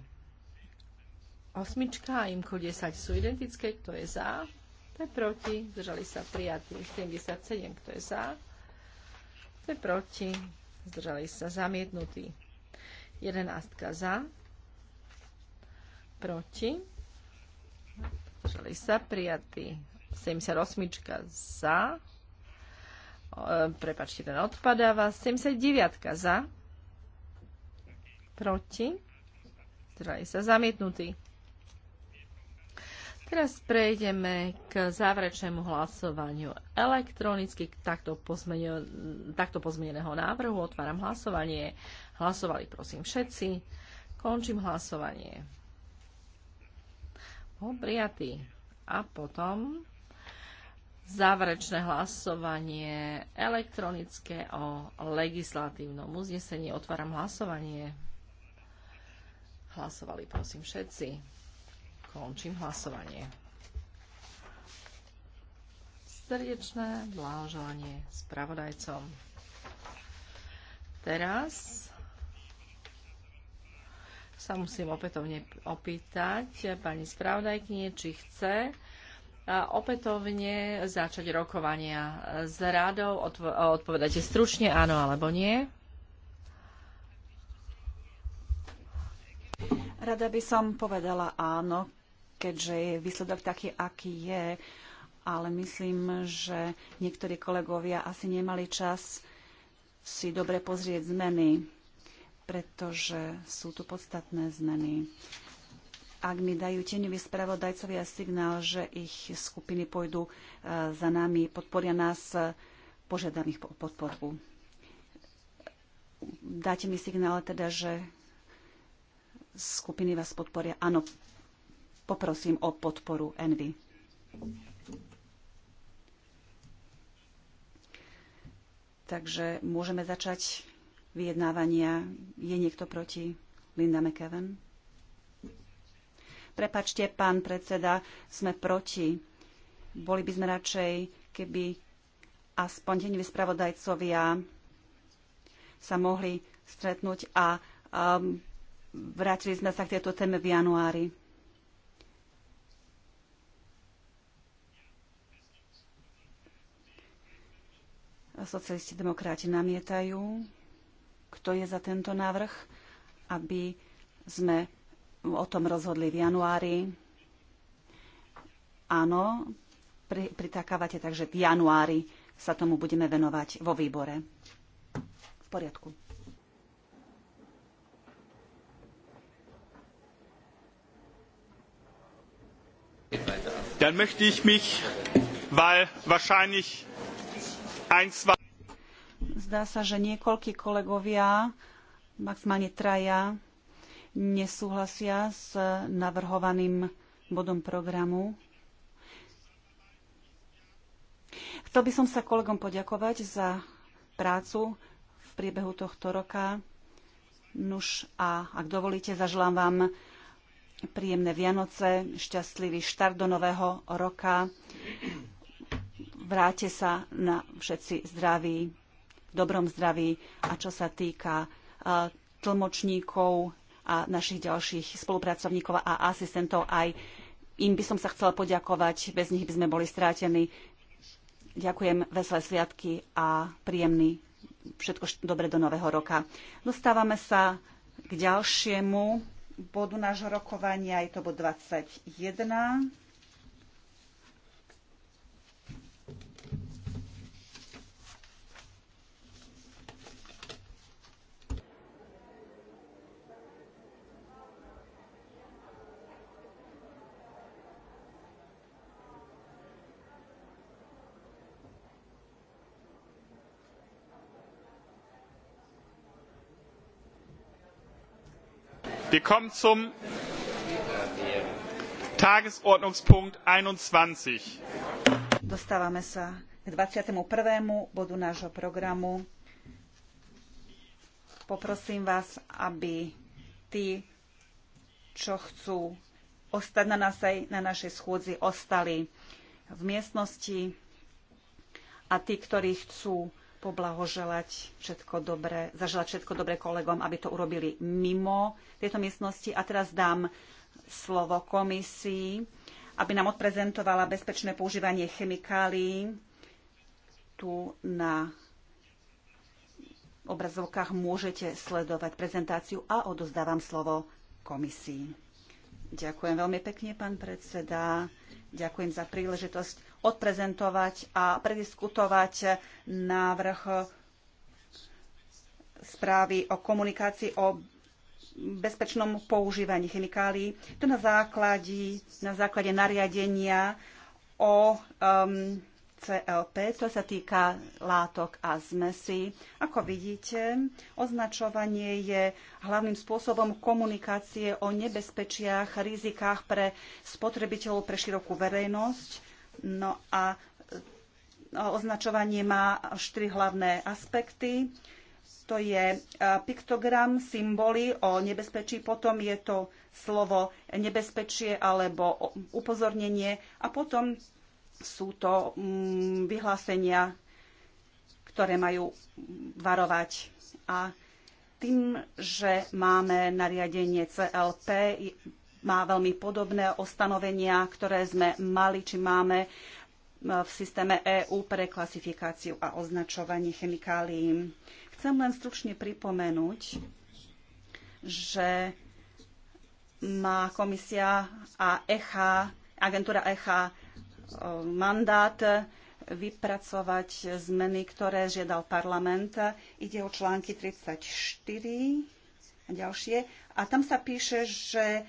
Osmička a imko 10 sú identické, kto je za, to je proti, zdržali sa prijatí, 77, kto je za, kto je proti, zdržali sa zamietnutí. 11 za, proti, zdržali sa prijatí. 78 za, e, prepačte, ten odpadáva. 79 za, proti, zdržali sa zamietnutí. Teraz prejdeme k záverečnému hlasovaniu elektronicky takto, pozmenio, takto pozmeneného návrhu. Otváram hlasovanie. Hlasovali prosím všetci. Končím hlasovanie. Bol prijatý. A potom záverečné hlasovanie elektronické o legislatívnom uznesení. Otváram hlasovanie. Hlasovali prosím všetci. Končím hlasovanie. Srdečné blážanie spravodajcom. Teraz sa musím opätovne opýtať pani spravodajkynie, či chce opätovne začať rokovania s radou. Odpovedajte stručne áno alebo nie. Rada by som povedala áno, keďže je výsledok taký, aký je. Ale myslím, že niektorí kolegovia asi nemali čas si dobre pozrieť zmeny, pretože sú tu podstatné zmeny. Ak mi dajú tieňoví spravodajcovia signál, že ich skupiny pôjdu e, za nami, podporia nás, e, požiadam ich o podporu. Dáte mi signál teda, že skupiny vás podporia. Áno, poprosím o podporu Envy. Takže môžeme začať vyjednávania. Je niekto proti? Linda McEwen? Prepačte, pán predseda, sme proti. Boli by sme radšej, keby aspoň deň vyspravodajcovia sa mohli stretnúť a um, vrátili sme sa k tejto téme v januári. socialisti demokráti namietajú. Kto je za tento návrh, aby sme o tom rozhodli v januári? Áno, pri, pritakávate, takže v januári sa tomu budeme venovať vo výbore. V poriadku. Dann möchte ich mich, weil wahrscheinlich Zdá sa, že niekoľkí kolegovia, maximálne traja, nesúhlasia s navrhovaným bodom programu. Chcel by som sa kolegom poďakovať za prácu v priebehu tohto roka. Nuž a ak dovolíte, zaželám vám príjemné Vianoce, šťastlivý štart do nového roka vráte sa na všetci zdraví, v dobrom zdraví a čo sa týka e, tlmočníkov a našich ďalších spolupracovníkov a asistentov aj im by som sa chcela poďakovať, bez nich by sme boli strátení. Ďakujem, veselé sviatky a príjemný všetko dobre do nového roka. Dostávame sa k ďalšiemu bodu nášho rokovania, je to bod 21. Wir kommen zum Tagesordnungspunkt 21. Dostávame sa k 21. bodu nášho programu. Poprosím vás, aby tí, čo chcú ostať na, nasej, na našej schôdzi, ostali v miestnosti a tí, ktorí chcú poblahoželať všetko dobré, zaželať všetko dobré kolegom, aby to urobili mimo tejto miestnosti. A teraz dám slovo komisii, aby nám odprezentovala bezpečné používanie chemikálií tu na obrazovkách môžete sledovať prezentáciu a odozdávam slovo komisii. Ďakujem veľmi pekne, pán predseda. Ďakujem za príležitosť odprezentovať a prediskutovať návrh správy o komunikácii o bezpečnom používaní chemikálií. To na, základe, na základe nariadenia o um, CLP, to sa týka látok a zmesí. Ako vidíte, označovanie je hlavným spôsobom komunikácie o nebezpečiach, rizikách pre spotrebiteľov, pre širokú verejnosť No a e, označovanie má štyri hlavné aspekty. To je e, piktogram, symboly o nebezpečí, potom je to slovo nebezpečie alebo upozornenie a potom sú to mm, vyhlásenia, ktoré majú varovať. A tým, že máme nariadenie CLP, má veľmi podobné ostanovenia, ktoré sme mali či máme e, v systéme EÚ pre klasifikáciu a označovanie chemikálií. Chcem len stručne pripomenúť, že má komisia a ECHA, agentúra ECHA e, mandát vypracovať zmeny, ktoré žiadal parlament. Ide o články 34 a ďalšie. A tam sa píše, že e,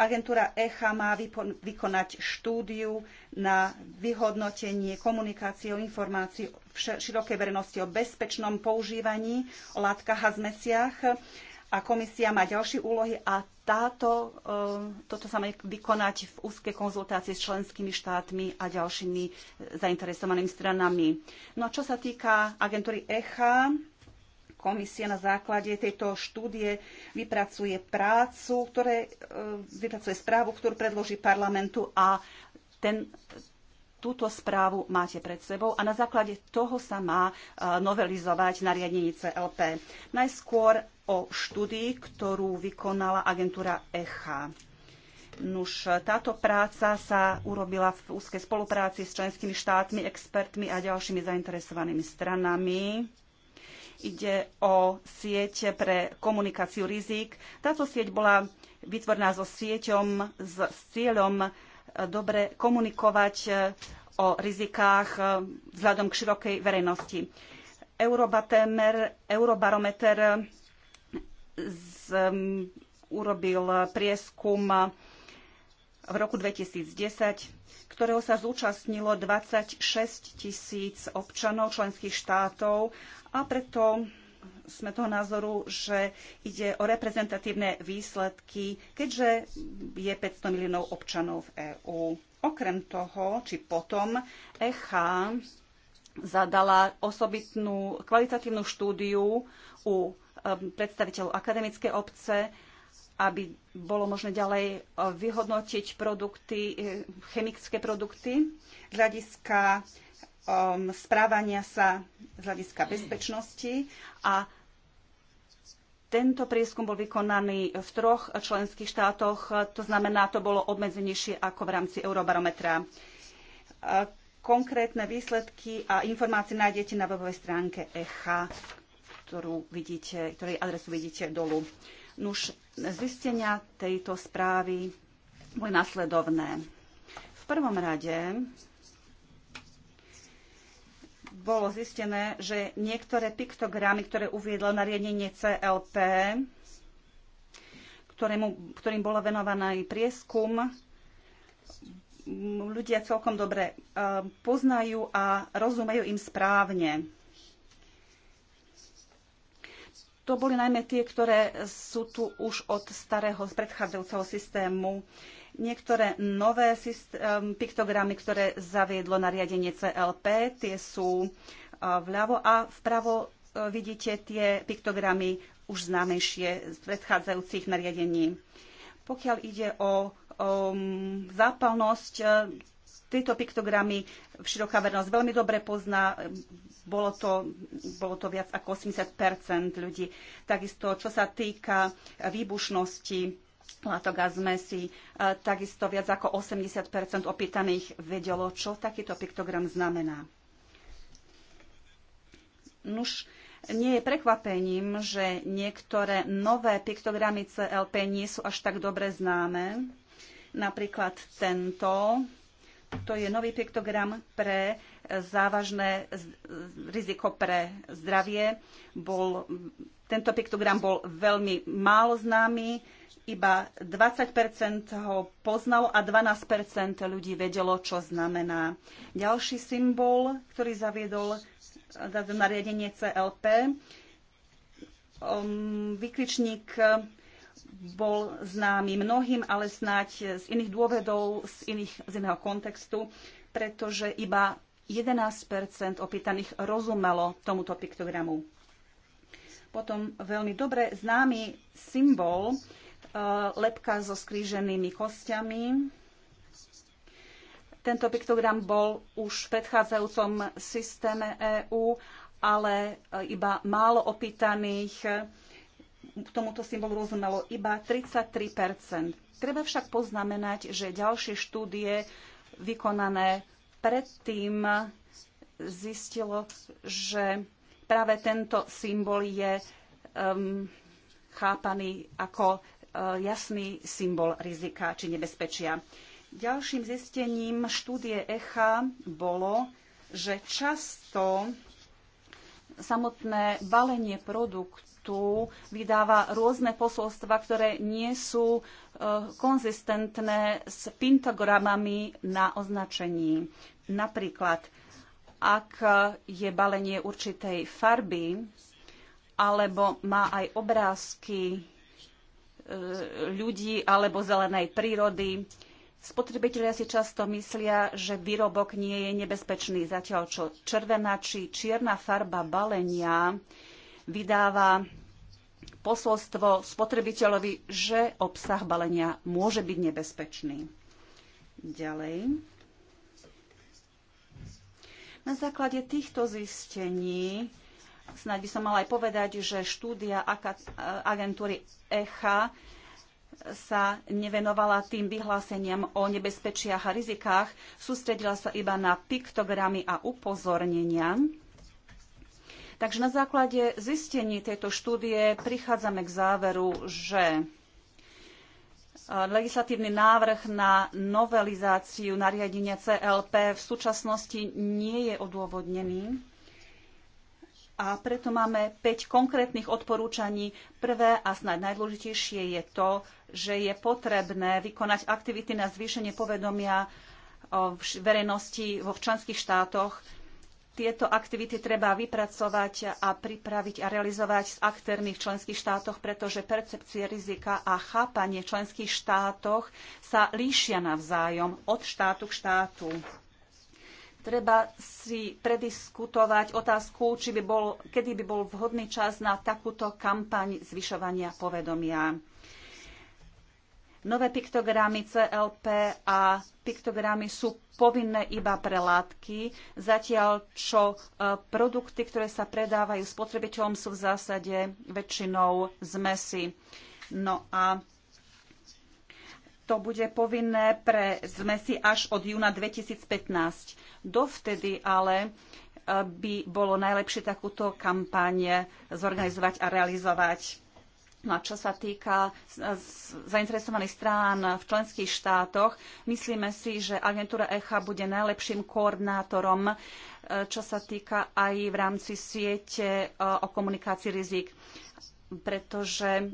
agentúra ECHA má vykonať štúdiu na vyhodnotenie komunikácie o informácií v širokej verejnosti o bezpečnom používaní, o látkach a zmesiach. A komisia má ďalšie úlohy a táto, e, toto sa má vykonať v úzkej konzultácii s členskými štátmi a ďalšími zainteresovanými stranami. No a čo sa týka agentúry ECHA, komisia na základe tejto štúdie vypracuje prácu, ktoré, e, vypracuje správu, ktorú predloží parlamentu a ten, túto správu máte pred sebou a na základe toho sa má e, novelizovať nariadenie CLP. Najskôr o štúdii, ktorú vykonala agentúra ECHA. Nuž, táto práca sa urobila v úzkej spolupráci s členskými štátmi, expertmi a ďalšími zainteresovanými stranami. Ide o sieť pre komunikáciu rizik. Táto sieť bola vytvorená so sieťom s cieľom e, dobre komunikovať e, o rizikách e, vzhľadom k širokej verejnosti. Eurobarometer z, um, urobil prieskum v roku 2010, ktorého sa zúčastnilo 26 tisíc občanov členských štátov a preto sme toho názoru, že ide o reprezentatívne výsledky, keďže je 500 miliónov občanov v EÚ. Okrem toho, či potom, ECHA zadala osobitnú kvalitatívnu štúdiu u um, predstaviteľov akademickej obce, aby bolo možné ďalej uh, vyhodnotiť produkty, uh, chemické produkty z hľadiska um, správania sa z hľadiska bezpečnosti a tento prieskum bol vykonaný v troch členských štátoch, to znamená, to bolo obmedzenejšie ako v rámci Eurobarometra. E, konkrétne výsledky a informácie nájdete na webovej stránke ECHA, ktorú vidíte, ktorej adresu vidíte dolu. Nuž, zistenia tejto správy boli nasledovné. V prvom rade bolo zistené, že niektoré piktogramy, ktoré uviedlo nariadenie CLP, ktorému, ktorým bolo venovaný prieskum, ľudia celkom dobre e, poznajú a rozumejú im správne. To boli najmä tie, ktoré sú tu už od starého, z predchádzajúceho systému. Niektoré nové piktogramy, ktoré zaviedlo nariadenie CLP, tie sú e, vľavo a vpravo e, vidíte tie piktogramy už známejšie z predchádzajúcich nariadení. Pokiaľ ide o, o zápalnosť, e, tieto piktogramy široká vernosť veľmi dobre pozná. Bolo to, bolo to viac ako 80 ľudí. Takisto, čo sa týka výbušnosti, látok a zmesí. E, takisto viac ako 80 opýtaných vedelo, čo takýto piktogram znamená. Nuž, nie je prekvapením, že niektoré nové piktogramy CLP nie sú až tak dobre známe. Napríklad tento, to je nový piktogram pre závažné riziko pre zdravie. Bol tento piktogram bol veľmi málo známy, iba 20 ho poznalo a 12 ľudí vedelo, čo znamená. Ďalší symbol, ktorý zaviedol nariadenie CLP, um, vykričník bol známy mnohým, ale snáď z iných dôvedov, z, iných, z iného kontextu, pretože iba 11 opýtaných rozumelo tomuto piktogramu. Potom veľmi dobre známy symbol e, lepka so skríženými kostiami. Tento piktogram bol už v predchádzajúcom systéme EÚ, ale e, iba málo opýtaných k tomuto symbolu rozumelo iba 33 Treba však poznamenať, že ďalšie štúdie vykonané predtým zistilo, že práve tento symbol je um, chápaný ako uh, jasný symbol rizika či nebezpečia. Ďalším zistením štúdie ECHA bolo, že často samotné balenie produktu vydáva rôzne posolstva, ktoré nie sú uh, konzistentné s pintogramami na označení. Napríklad ak je balenie určitej farby, alebo má aj obrázky e, ľudí alebo zelenej prírody. Spotrebitelia si často myslia, že výrobok nie je nebezpečný, zatiaľ čo červená či čierna farba balenia vydáva posolstvo spotrebiteľovi, že obsah balenia môže byť nebezpečný. Ďalej. Na základe týchto zistení snáď by som mala aj povedať, že štúdia agentúry ECHA sa nevenovala tým vyhláseniam o nebezpečiach a rizikách, sústredila sa iba na piktogramy a upozornenia. Takže na základe zistení tejto štúdie prichádzame k záveru, že Legislatívny návrh na novelizáciu nariadenia CLP v súčasnosti nie je odôvodnený a preto máme 5 konkrétnych odporúčaní. Prvé a snáď najdôležitejšie je to, že je potrebné vykonať aktivity na zvýšenie povedomia verejnosti vo členských štátoch tieto aktivity treba vypracovať a pripraviť a realizovať s aktérmi v členských štátoch, pretože percepcie rizika a chápanie v členských štátoch sa líšia navzájom od štátu k štátu. Treba si prediskutovať otázku, či by bol, kedy by bol vhodný čas na takúto kampaň zvyšovania povedomia. Nové piktogramy CLP a piktogramy sú povinné iba pre látky, zatiaľ čo e, produkty, ktoré sa predávajú spotrebiteľom, sú v zásade väčšinou zmesy. No a to bude povinné pre zmesi až od júna 2015. Dovtedy ale e, by bolo najlepšie takúto kampáň zorganizovať a realizovať. No a čo sa týka zainteresovaných strán v členských štátoch, myslíme si, že agentúra ECHA bude najlepším koordinátorom, e, čo sa týka aj v rámci siete e, o komunikácii rizik pretože e,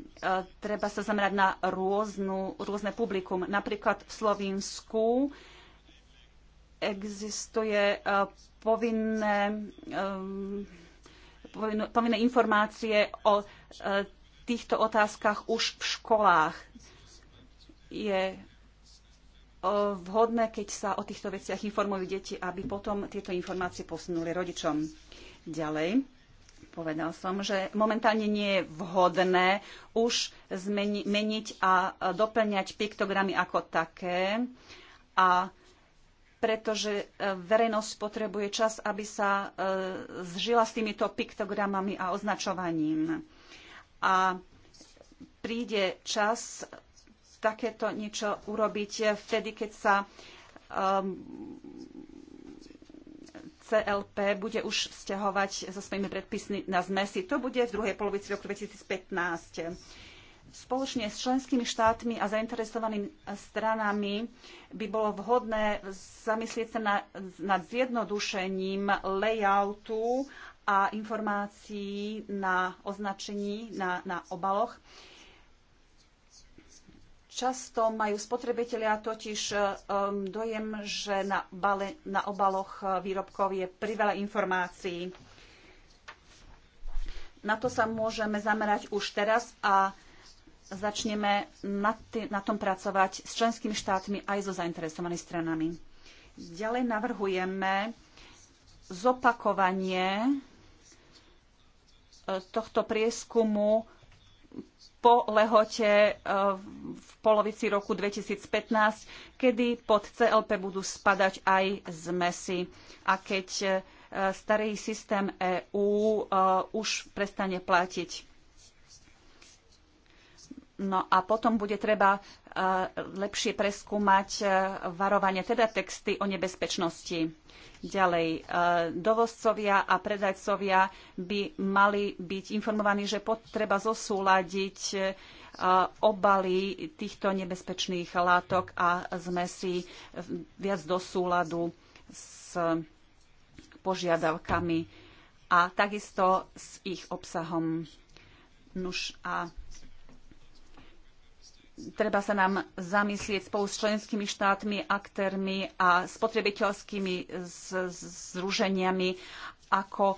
treba sa zamerať na rôznu, rôzne publikum. Napríklad v Slovinsku existuje povinné, povinné informácie o týchto otázkach už v školách. Je e, vhodné, keď sa o týchto veciach informujú deti, aby potom tieto informácie posunuli rodičom. Ďalej, povedal som, že momentálne nie je vhodné už zmeni- meniť a doplňať piktogramy ako také, a pretože e, verejnosť potrebuje čas, aby sa e, zžila s týmito piktogramami a označovaním a príde čas takéto niečo urobiť vtedy, keď sa um, CLP bude už vzťahovať so svojimi predpismi na zmesi. To bude v druhej polovici roku 2015. Spoločne s členskými štátmi a zainteresovanými stranami by bolo vhodné zamyslieť sa na, nad zjednodušením layoutu a informácií na označení, na, na obaloch. Často majú spotrebitelia totiž um, dojem, že na, bale, na obaloch výrobkov je priveľa informácií. Na to sa môžeme zamerať už teraz a začneme na, na tom pracovať s členskými štátmi aj so zainteresovanými stranami. Ďalej navrhujeme zopakovanie tohto prieskumu po lehote e, v polovici roku 2015, kedy pod CLP budú spadať aj zmesi. A keď e, starý systém EÚ e, už prestane platiť. No a potom bude treba e, lepšie preskúmať e, varovanie, teda texty o nebezpečnosti. Ďalej, e, dovozcovia a predajcovia by mali byť informovaní, že potreba zosúľadiť obaly týchto nebezpečných látok a zmesí viac do súladu s požiadavkami a takisto s ich obsahom. Nuž a treba sa nám zamyslieť spolu s členskými štátmi, aktérmi a spotrebiteľskými združeniami, ako e,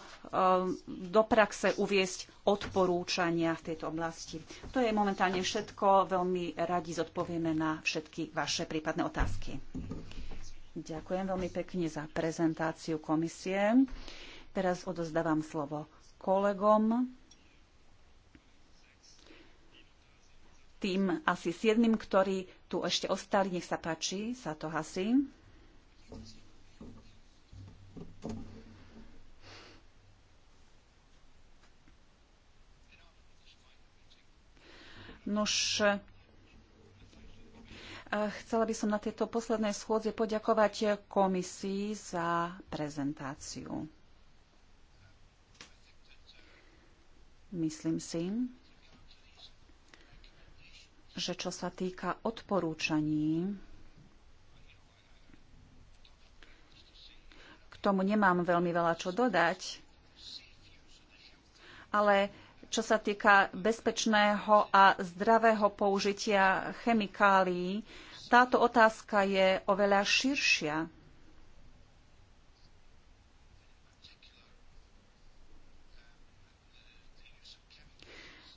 do praxe uviesť odporúčania v tejto oblasti. To je momentálne všetko. Veľmi radi zodpovieme na všetky vaše prípadné otázky. Ďakujem veľmi pekne za prezentáciu komisie. Teraz odozdávam slovo kolegom. tým asi siedmým, ktorí tu ešte ostali. Nech sa páči, sa to hasí. Nož, eh, chcela by som na tieto posledné schôdze poďakovať komisii za prezentáciu. Myslím si, že čo sa týka odporúčaní, k tomu nemám veľmi veľa čo dodať, ale čo sa týka bezpečného a zdravého použitia chemikálií, táto otázka je oveľa širšia.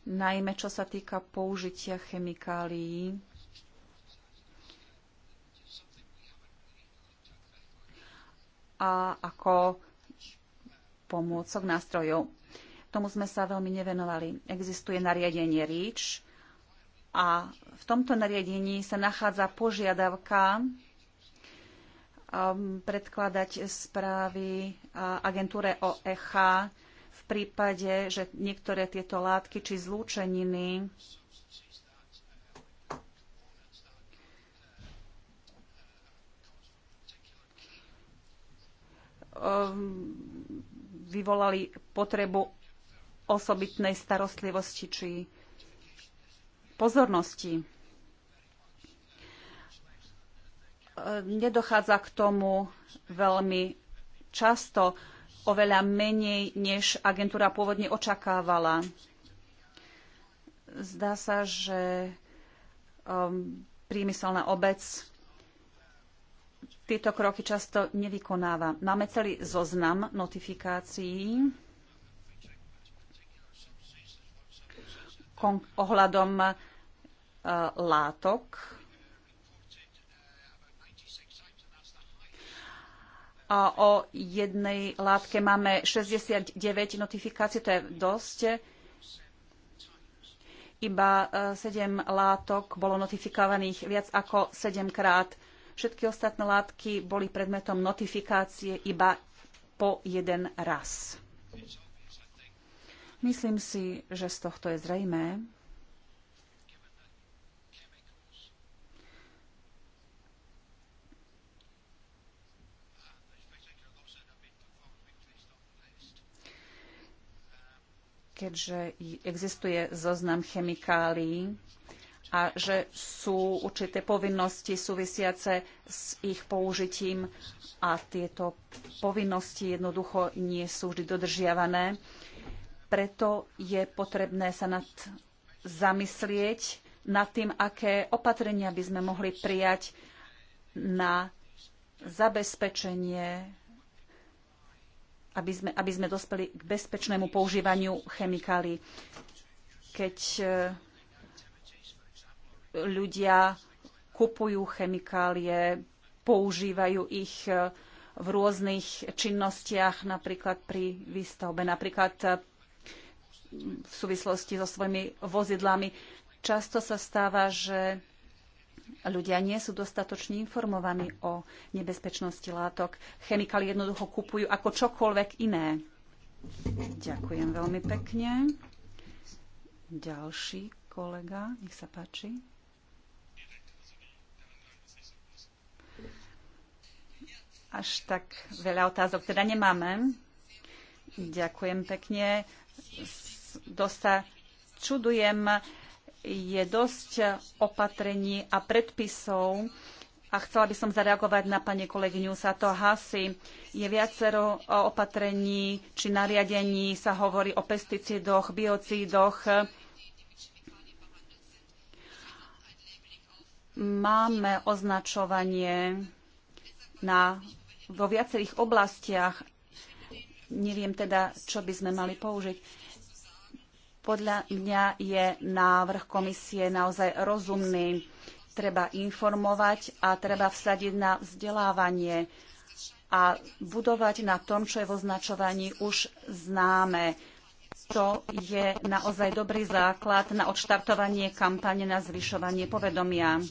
najmä čo sa týka použitia chemikálií. a ako pomôcok nástrojov. Tomu sme sa veľmi nevenovali. Existuje nariadenie REACH a v tomto nariadení sa nachádza požiadavka um, predkladať správy agentúre OECH prípade, že niektoré tieto látky či zlúčeniny um, vyvolali potrebu osobitnej starostlivosti či pozornosti. Nedochádza k tomu veľmi často oveľa menej, než agentúra pôvodne očakávala. Zdá sa, že um, priemyselná obec tieto kroky často nevykonáva. Máme celý zoznam notifikácií ohľadom uh, látok, o jednej látke máme 69 notifikácií, to je dosť. Iba 7 e, látok bolo notifikovaných viac ako 7 krát. Všetky ostatné látky boli predmetom notifikácie iba po jeden raz. Myslím si, že z tohto je zrejmé, keďže existuje zoznam chemikálií a že sú určité povinnosti súvisiace s ich použitím a tieto povinnosti jednoducho nie sú vždy dodržiavané. Preto je potrebné sa nad zamyslieť nad tým, aké opatrenia by sme mohli prijať na zabezpečenie aby sme, aby sme dospeli k bezpečnému používaniu chemikálií. Keď e, ľudia kupujú chemikálie, používajú ich e, v rôznych činnostiach, napríklad pri výstavbe, napríklad e, v súvislosti so svojimi vozidlami. Často sa stáva, že ľudia nie sú dostatočne informovaní o nebezpečnosti látok. Chemikály jednoducho kupujú ako čokoľvek iné. Ďakujem veľmi pekne. Ďalší kolega, nech sa páči. Až tak veľa otázok teda nemáme. Ďakujem pekne. Dosta čudujem. čudujem je dosť opatrení a predpisov a chcela by som zareagovať na pani kolegyňu Sato Hasi. Je viacero opatrení či nariadení, sa hovorí o pesticidoch, biocídoch. Máme označovanie na, vo viacerých oblastiach. Neviem teda, čo by sme mali použiť. Podľa mňa je návrh komisie naozaj rozumný. Treba informovať a treba vsadiť na vzdelávanie a budovať na tom, čo je v označovaní už známe. To je naozaj dobrý základ na odštartovanie kampane na zvyšovanie povedomia.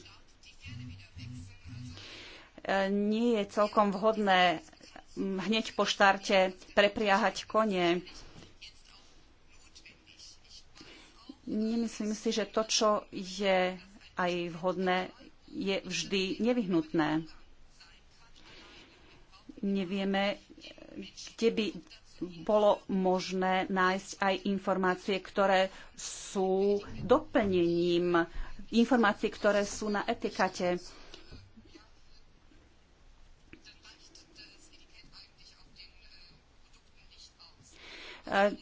E, nie je celkom vhodné hneď po štarte prepriahať kone Nemyslím si, že to, čo je aj vhodné, je vždy nevyhnutné. Nevieme, kde by bolo možné nájsť aj informácie, ktoré sú doplnením, informácie, ktoré sú na etikate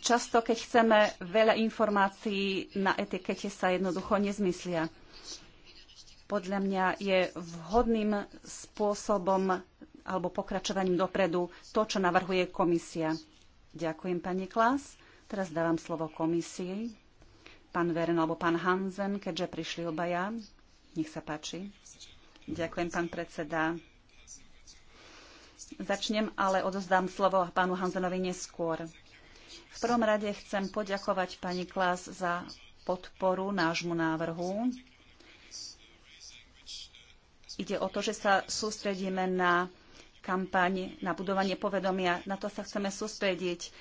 Často, keď chceme veľa informácií, na etikete sa jednoducho nezmyslia. Podľa mňa je vhodným spôsobom alebo pokračovaním dopredu to, čo navrhuje komisia. Ďakujem, pani Klas. Teraz dávam slovo komisii. Pán Veren alebo pán Hansen, keďže prišli obaja. Nech sa páči. Ďakujem, pán predseda. Začnem, ale odozdám slovo pánu Hanzenovi neskôr. V prvom rade chcem poďakovať pani Klas za podporu nášmu návrhu. Ide o to, že sa sústredíme na kampaň, na budovanie povedomia. Na to sa chceme sústrediť.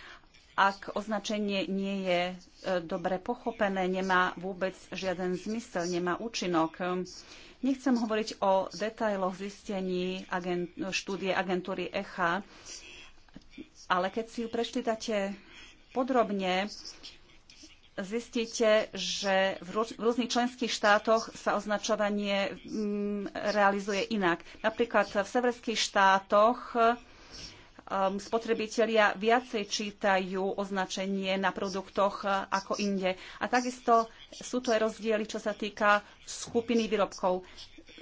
Ak označenie nie je e, dobre pochopené, nemá vôbec žiaden zmysel, nemá účinok. Nechcem hovoriť o detailoch zistení agent, štúdie agentúry ECHA, ale keď si ju prečítate podrobne, zistíte, že v rôznych členských štátoch sa označovanie mm, realizuje inak. Napríklad v severských štátoch ehm, spotrebitelia viacej čítajú označenie na produktoch e, ako inde. A takisto sú to aj rozdiely, čo sa týka skupiny výrobkov.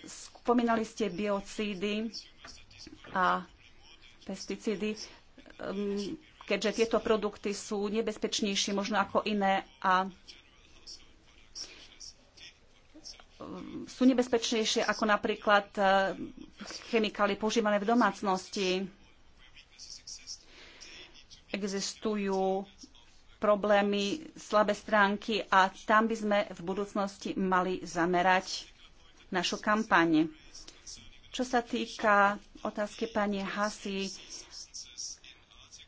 Spomínali ste biocídy a pesticídy ehm, keďže tieto produkty sú nebezpečnejšie možno ako iné a um, sú nebezpečnejšie ako napríklad uh, chemikály používané v domácnosti. Existujú problémy, slabé stránky a tam by sme v budúcnosti mali zamerať našu kampaň. Čo sa týka otázky pani Hasi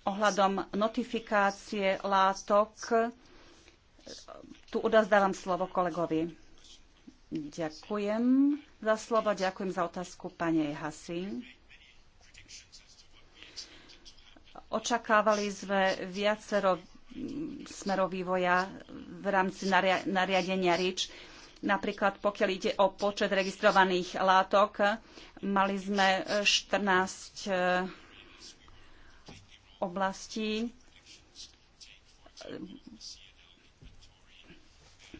ohľadom notifikácie látok. Tu odazdávam slovo kolegovi. Ďakujem za slovo, ďakujem za otázku pani Hasi. Očakávali sme viacero smerov vývoja v rámci nariadenia RIČ. Napríklad pokiaľ ide o počet registrovaných látok, mali sme 14 oblasti.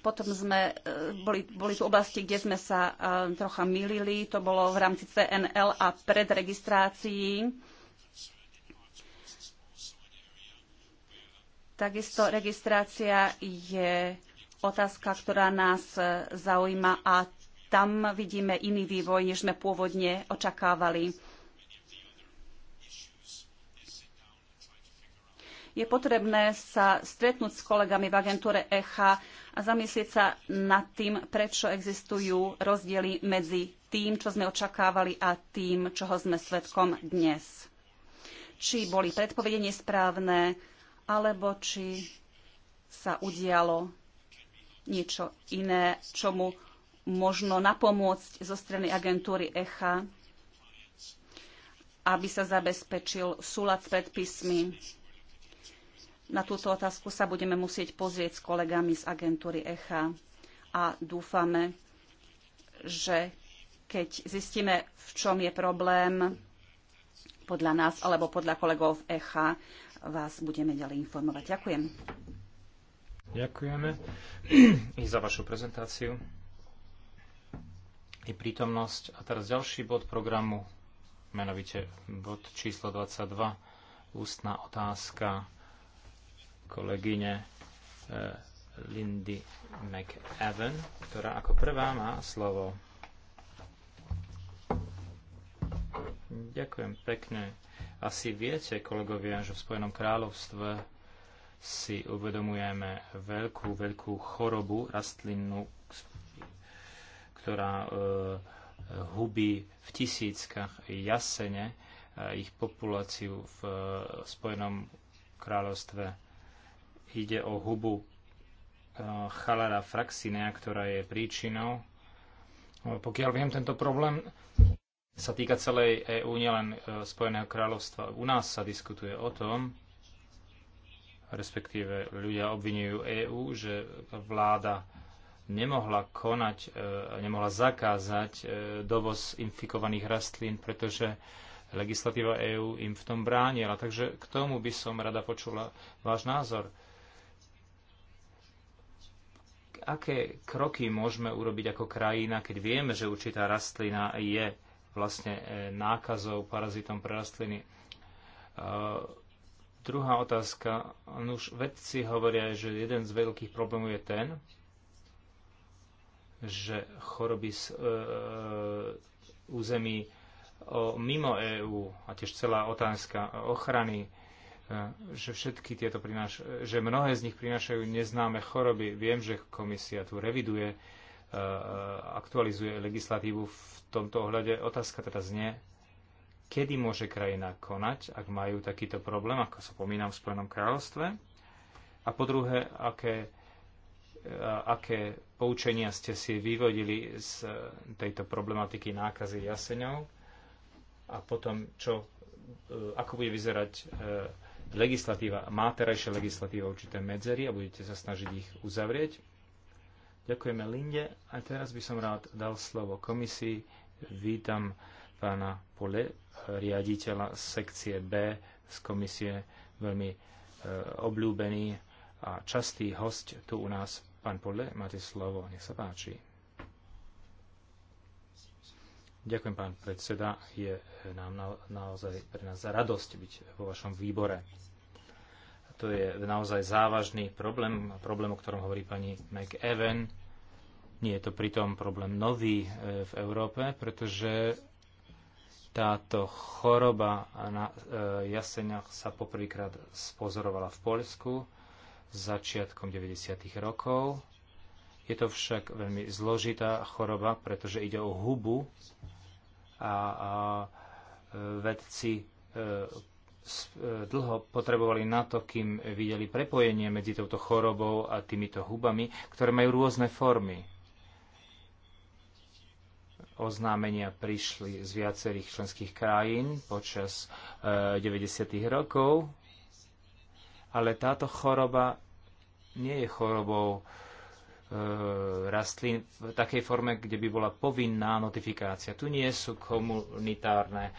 Potom sme, e, boli, boli tu oblasti, kde sme sa e, trocha milili. To bolo v rámci CNL a pred registrácií. Takisto registrácia je otázka, ktorá nás e, zaujíma a tam vidíme iný vývoj, než sme pôvodne očakávali. je potrebné sa stretnúť s kolegami v agentúre ECHA a zamyslieť sa nad tým, prečo existujú rozdiely medzi tým, čo sme očakávali a tým, čoho sme svetkom dnes. Či boli predpovede nesprávne, alebo či sa udialo niečo iné, čomu možno napomôcť zo strany agentúry ECHA, aby sa zabezpečil súlad s predpismi na túto otázku sa budeme musieť pozrieť s kolegami z agentúry ECHA a dúfame, že keď zistíme, v čom je problém, podľa nás alebo podľa kolegov v ECHA, vás budeme ďalej informovať. Ďakujem. Ďakujeme i za vašu prezentáciu i prítomnosť. A teraz ďalší bod programu, menovite bod číslo 22, ústna otázka kolegyne eh, Lindy McEwen, ktorá ako prvá má slovo. Ďakujem pekne. Asi viete, kolegovia, že v Spojenom kráľovstve si uvedomujeme veľkú, veľkú chorobu rastlinnú, ktorá e, hubí v tisíckach jasene e, ich populáciu v e, Spojenom kráľovstve Ide o hubu e, chalara fraxinea, ktorá je príčinou. E, pokiaľ viem, tento problém sa týka celej EÚ, nielen e, Spojeného kráľovstva. U nás sa diskutuje o tom, respektíve ľudia obvinujú EÚ, že vláda nemohla konať, nemohla zakázať dovoz infikovaných rastlín, pretože legislatíva EÚ im v tom bránila. Takže k tomu by som rada počula váš názor aké kroky môžeme urobiť ako krajina, keď vieme, že určitá rastlina je vlastne e, nákazou, parazitom pre rastliny. E, druhá otázka. Už vedci hovoria, že jeden z veľkých problémov je ten, že choroby z e, území o, mimo EÚ a tiež celá otázka ochrany E, že všetky tieto prináš- že mnohé z nich prinášajú neznáme choroby. Viem, že komisia tu reviduje, e, aktualizuje legislatívu v tomto ohľade. Otázka teda znie, kedy môže krajina konať, ak majú takýto problém, ako sa pomínam v Spojenom kráľovstve. A po druhé, aké, e, aké poučenia ste si vyvodili z tejto problematiky nákazy jaseňov a potom, čo, ako bude vyzerať legislatíva, má terajšia legislatíva určité medzery a budete sa snažiť ich uzavrieť. Ďakujeme Linde a teraz by som rád dal slovo komisii. Vítam pána Pole, riaditeľa sekcie B z komisie, veľmi e, obľúbený a častý host tu u nás. Pán Pole, máte slovo, nech sa páči. Ďakujem, pán predseda. Je nám na, naozaj pre nás radosť byť vo vašom výbore. To je naozaj závažný problém, problém, o ktorom hovorí pani McEwen. Nie je to pritom problém nový e, v Európe, pretože táto choroba na e, jaseňach sa poprvýkrát spozorovala v Poľsku začiatkom 90. rokov. Je to však veľmi zložitá choroba, pretože ide o hubu a, a e, vedci e, e, dlho potrebovali na to, kým videli prepojenie medzi touto chorobou a týmito hubami, ktoré majú rôzne formy. Oznámenia prišli z viacerých členských krajín počas 90. rokov, ale táto choroba nie je chorobou Eh, rastlín v takej forme, kde by bola povinná notifikácia. Tu nie sú komunitárne eh,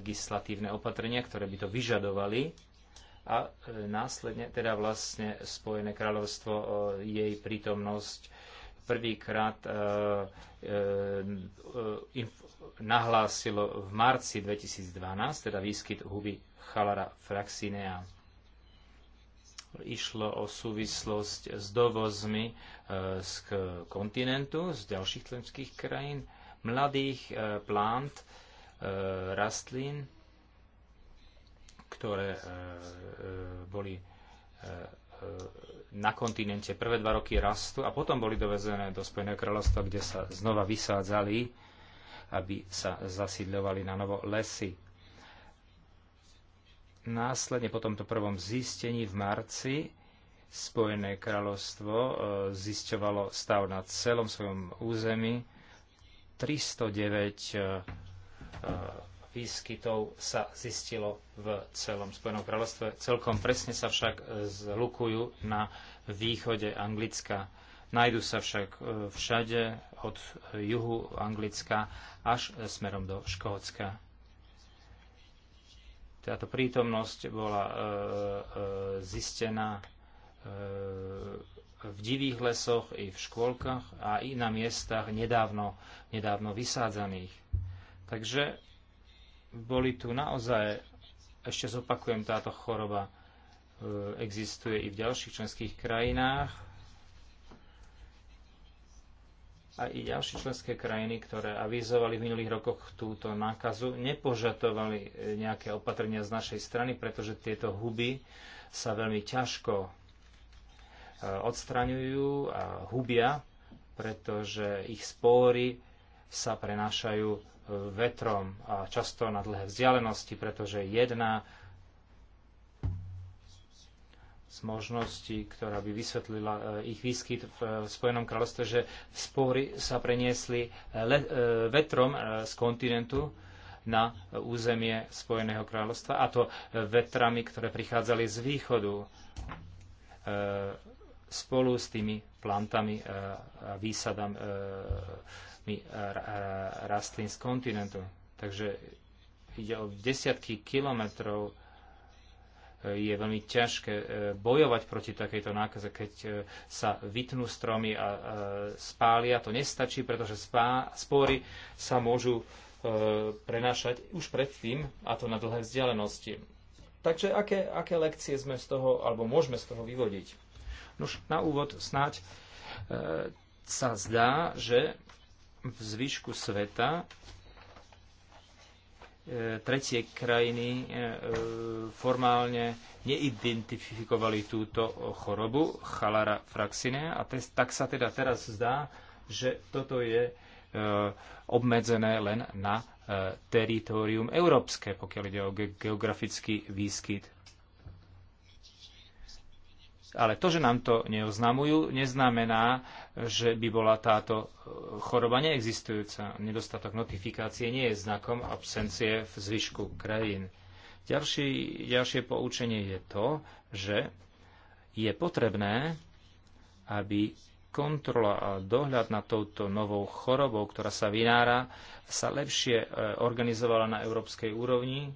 legislatívne opatrenia, ktoré by to vyžadovali a eh, následne teda vlastne Spojené kráľovstvo jej prítomnosť prvýkrát nahlásilo v marci 2012, teda výskyt huby chalara fraxinea Išlo o súvislosť s dovozmi e, z kontinentu, z ďalších členských krajín, mladých e, plant, e, rastlín, ktoré boli na kontinente prvé dva roky rastu a potom boli dovezené do Spojeného kráľovstva, kde sa znova vysádzali, aby sa zasídľovali na novo lesy. Následne po tomto prvom zistení v marci Spojené kráľovstvo e, zisťovalo stav na celom svojom území. 309 e, e, výskytov sa zistilo v celom Spojenom kráľovstve. Celkom presne sa však zlukujú na východe Anglicka. Najdu sa však všade od juhu Anglicka až smerom do Škótska. Táto prítomnosť bola e, e, zistená e, v divých lesoch, i v škôlkach a i na miestach nedávno, nedávno vysádzaných. Takže boli tu naozaj, ešte zopakujem, táto choroba e, existuje i v ďalších členských krajinách, a i ďalšie členské krajiny, ktoré avizovali v minulých rokoch túto nákazu, nepožadovali e, nejaké opatrenia z našej strany, pretože tieto huby sa veľmi ťažko e, odstraňujú a hubia, pretože ich spóry sa prenášajú e, vetrom a často na dlhé vzdialenosti, pretože jedna z možností, ktorá by vysvetlila e, ich výskyt e, v Spojenom kráľovstve, že spory sa preniesli e, vetrom z kontinentu na územie Spojeného kráľovstva, a to vetrami, ktoré prichádzali z východu spolu s tými plantami a výsadami rastlín z kontinentu. Takže ide o desiatky kilometrov je veľmi ťažké e, bojovať proti takejto nákaze, keď e, sa vytnú stromy a spália. To nestačí, pretože spory sa môžu e, prenášať už predtým, a to na dlhé vzdialenosti. Takže aké, aké lekcie sme z toho, alebo môžeme z toho vyvodiť? Nož na úvod snáď e, sa zdá, že v zvyšku sveta E, tretie krajiny e, e, formálne neidentifikovali túto chorobu chalara fraxine a tak sa teda teraz zdá, že toto je obmedzené len na teritorium európske, pokiaľ ide o geografický výskyt. Ale to, že nám to neoznamujú, neznamená, že by bola táto e, choroba neexistujúca. Nedostatok notifikácie nie je znakom absencie v zvyšku krajín. Ďalší, ďalšie poučenie je to, že je potrebné, aby kontrola a dohľad nad touto novou chorobou, ktorá sa vynára, sa lepšie e, organizovala na európskej úrovni,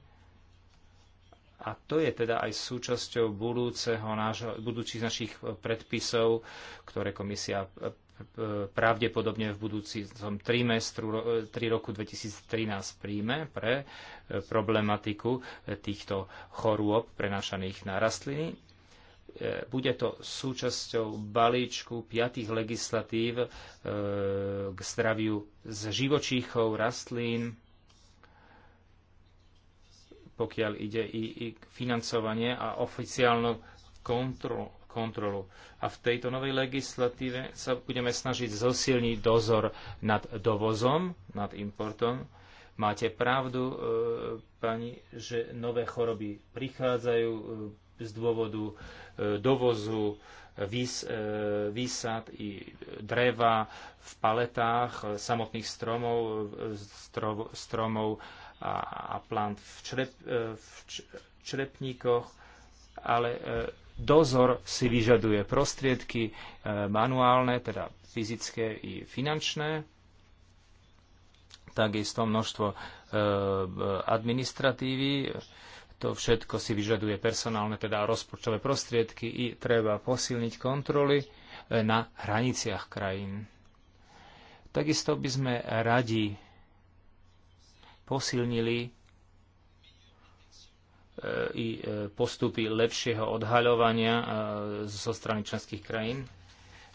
a to je teda aj súčasťou budúceho nášho, budúcich našich predpisov, ktoré komisia e, e, pravdepodobne v budúcom trimestru, e, tri roku 2013 príjme pre problematiku týchto chorôb prenášaných na rastliny. Bude to súčasťou balíčku piatých legislatív k zdraviu z živočíchov, rastlín, pokiaľ ide i, i financovanie a oficiálnu kontrolu, kontrolu. A v tejto novej legislatíve sa budeme snažiť zosilniť dozor nad dovozom, nad importom. Máte pravdu, e, pani, že nové choroby prichádzajú e, z dôvodu e, dovozu vys, e, výsad i dreva v paletách e, samotných stromov, e, strov, stromov a, a plant v, črep, e, v črepníkoch, ale e, dozor si vyžaduje prostriedky e, manuálne, teda fyzické i finančné, takisto množstvo administratívy. To všetko si vyžaduje personálne, teda rozpočtové prostriedky i treba posilniť kontroly na hraniciach krajín. Takisto by sme radi posilnili e, i e, postupy lepšieho odhaľovania e, zo strany členských krajín.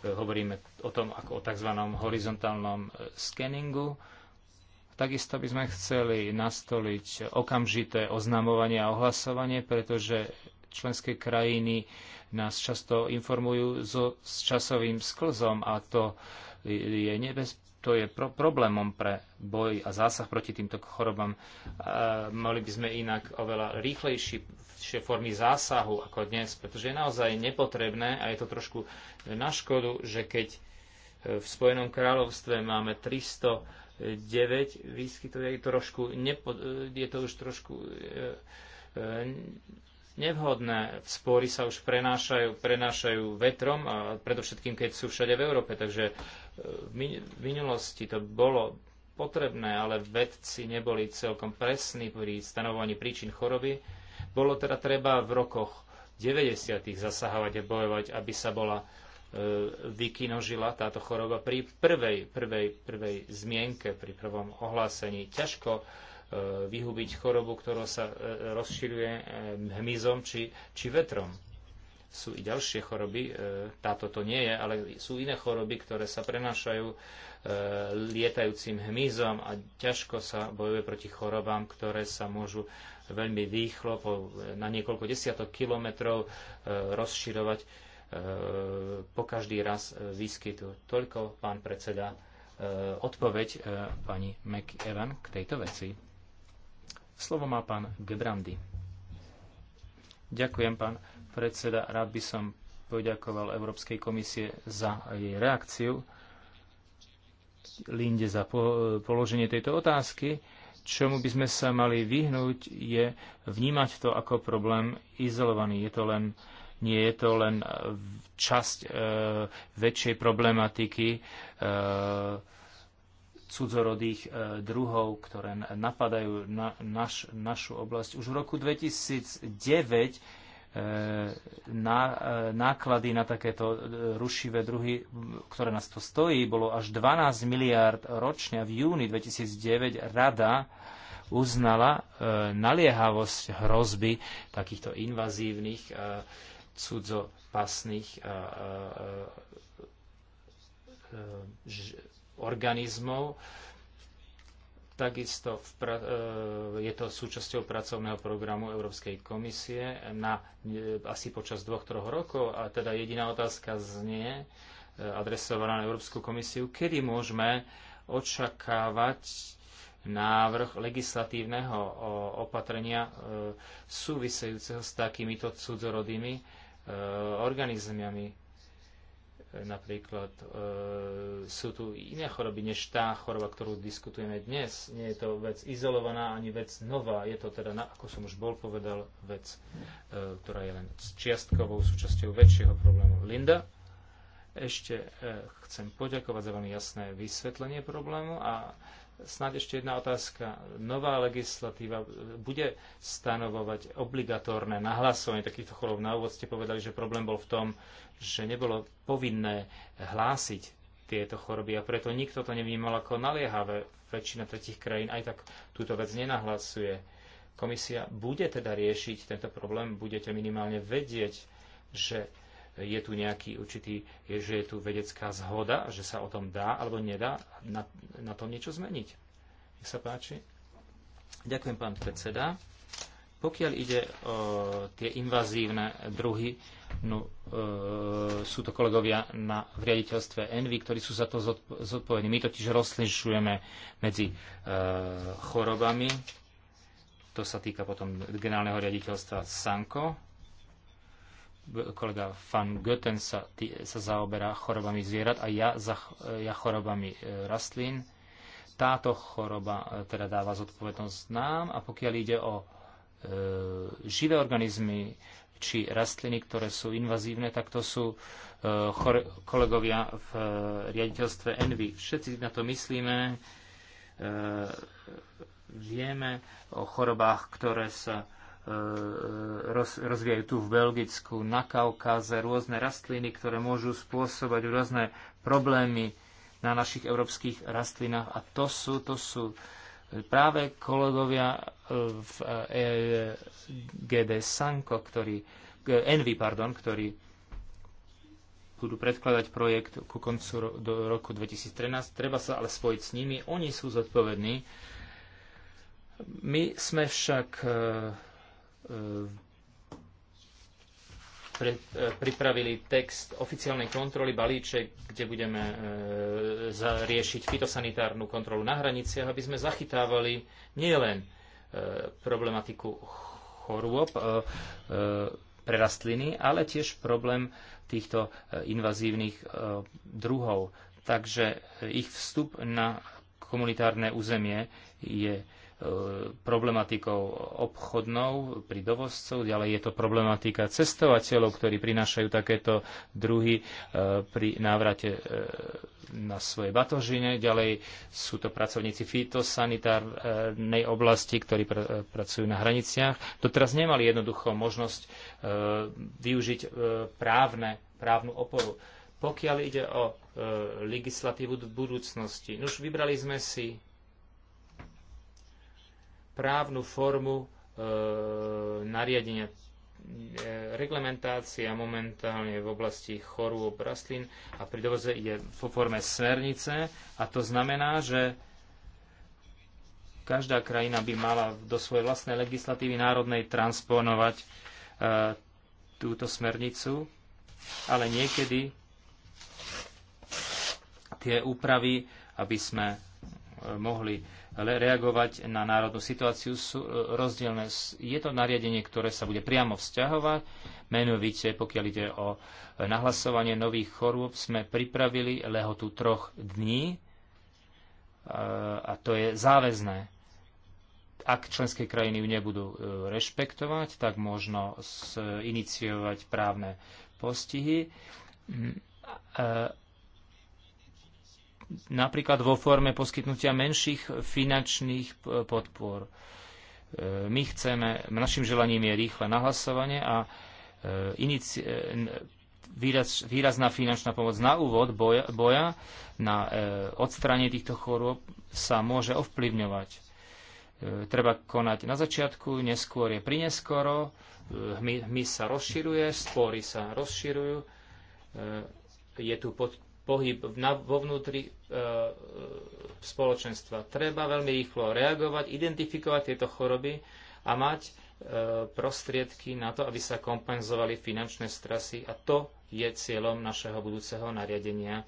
Hovoríme o tom ako o tzv. horizontálnom skeningu. Takisto by sme chceli nastoliť okamžité oznamovanie a ohlasovanie, pretože členské krajiny nás často informujú so, s časovým sklzom a to je nebezpečné to je pro- problémom pre boj a zásah proti týmto chorobám. E, mali by sme inak oveľa rýchlejšie formy zásahu ako dnes, pretože je naozaj nepotrebné a je to trošku na škodu, že keď e, v Spojenom kráľovstve máme 309 výskytov, je, trošku nepo- e, je to už trošku e, e, nevhodné. Spory sa už prenášajú, prenášajú vetrom, a predovšetkým, keď sú všade v Európe. Takže e, v minulosti to bolo potrebné, ale vedci neboli celkom presní pri stanovovaní príčin choroby. Bolo teda treba v rokoch 90. zasahovať a bojovať, aby sa bola e, vykinožila táto choroba pri prvej, prvej, prvej zmienke, pri prvom ohlásení. Ťažko vyhubiť chorobu, ktorá sa e, rozširuje e, hmyzom či, či vetrom. Sú i ďalšie choroby, e, táto to nie je, ale sú iné choroby, ktoré sa prenášajú lietajúcim hmyzom a ťažko sa bojuje proti chorobám, ktoré sa môžu veľmi rýchlo na niekoľko desiatok kilometrov rozširovať po každý raz výskytu. Toľko, pán predseda, odpoveď pani McEwan k tejto veci. Slovo má pán Gebrandy. Ďakujem, pán predseda. Rád by som poďakoval Európskej komisie za jej reakciu. Linde za po, položenie tejto otázky. Čomu by sme sa mali vyhnúť, je vnímať to ako problém izolovaný. Je to len, nie je to len e, časť e, väčšej problematiky e, cudzorodých e, druhov, ktoré napadajú na naš, našu oblasť. Už v roku 2009 e, na, e, náklady na takéto rušivé druhy, ktoré nás to stojí, bolo až 12 miliárd ročne. V júni 2009 rada uznala naliehavosť hrozby takýchto invazívnych cudzopasných organizmov. Takisto e, je to súčasťou pracovného programu Európskej komisie na e, asi počas dvoch, troch rokov. A teda jediná otázka znie, e, adresovaná na Európsku komisiu, kedy môžeme očakávať návrh legislatívneho opatrenia súvisejúceho s takýmito cudzorodými organizmiami Napríklad e, sú tu iné choroby než tá choroba, ktorú diskutujeme dnes. Nie je to vec izolovaná ani vec nová. Je to teda, ako som už bol povedal, vec, e, ktorá je len čiastkovou súčasťou väčšieho problému. Linda? Ešte e, chcem poďakovať za veľmi jasné vysvetlenie problému a e, Snáď ešte jedna otázka. Nová legislatíva bude stanovovať obligatórne nahlasovanie takýchto chorób. Na úvod ste povedali, že problém bol v tom, že nebolo povinné hlásiť tieto choroby a preto nikto to nevnímal ako naliehavé. Väčšina tretich krajín aj tak túto vec nenahlasuje. Komisia bude teda riešiť tento problém, budete minimálne vedieť, že je tu nejaký určitý, je, že je tu vedecká zhoda, že sa o tom dá alebo nedá na, na tom niečo zmeniť. Nech sa páči. Ďakujem, pán predseda. Pokiaľ ide o tie invazívne druhy, no, e, sú to kolegovia na, v riaditeľstve Envy, ktorí sú za to zodpovední. My totiž rozlišujeme medzi e, chorobami, to sa týka potom generálneho riaditeľstva Sanko, kolega van Goten sa, tý, sa zaoberá chorobami zvierat a ja, za, ja chorobami e, rastlín. Táto choroba e, teda dáva zodpovednosť nám a pokiaľ ide o e, živé organizmy či rastliny, ktoré sú invazívne, tak to sú e, kolegovia v e, riaditeľstve Envy. Všetci na to myslíme, e, vieme o chorobách, ktoré sa e, E, e, roz, rozvíjajú tu v Belgicku, na Kaukáze, rôzne rastliny, ktoré môžu spôsobať rôzne problémy na našich európskych rastlinách. A to sú, to sú práve kolegovia e, v GD Sanko, ktorí, Envy, pardon, ktorí budú predkladať projekt ku koncu do roku 2013. Treba sa ale spojiť s nimi. Oni sú zodpovední. My sme však pre, pripravili text oficiálnej kontroly, balíček, kde budeme e, riešiť fitosanitárnu kontrolu na hraniciach, aby sme zachytávali nielen e, problematiku chorôb e, pre rastliny, ale tiež problém týchto invazívnych druhov. Takže ich vstup na komunitárne územie je E, problematikou obchodnou pri dovozcov, ďalej je to problematika cestovateľov, ktorí prinášajú takéto druhy e, pri návrate e, na svoje batožine, ďalej sú to pracovníci fitosanitárnej oblasti, ktorí pr- pracujú na hraniciach. Doteraz nemali jednoducho možnosť využiť právne, právnu oporu. Pokiaľ ide o legislatívu v budúcnosti, no už vybrali sme si právnu formu e, nariadenia. E, reglementácia momentálne v oblasti chorôb rastlín a pri dovoze je vo forme smernice a to znamená, že každá krajina by mala do svojej vlastnej legislatívy národnej transponovať e, túto smernicu, ale niekedy tie úpravy, aby sme e, mohli reagovať na národnú situáciu sú e, rozdielne. Je to nariadenie, ktoré sa bude priamo vzťahovať, menovite, pokiaľ ide o e, nahlasovanie nových chorôb, sme pripravili lehotu troch dní e, a to je záväzné. Ak členské krajiny ju nebudú rešpektovať, tak možno iniciovať právne postihy mm, napríklad vo forme poskytnutia menších finančných e, podpor. E, my chceme, našim želaním je rýchle nahlasovanie a e, inici, výraz, výrazná finančná pomoc na úvod boja, boja na odstranie týchto chorôb sa môže ovplyvňovať treba konať na začiatku, neskôr je prineskoro, hmyz sa rozširuje, spory sa rozširujú, je tu pod, pohyb vo vnútri e, e, spoločenstva. Treba veľmi rýchlo reagovať, identifikovať tieto choroby a mať e, prostriedky na to, aby sa kompenzovali finančné strasy a to je cieľom našeho budúceho nariadenia,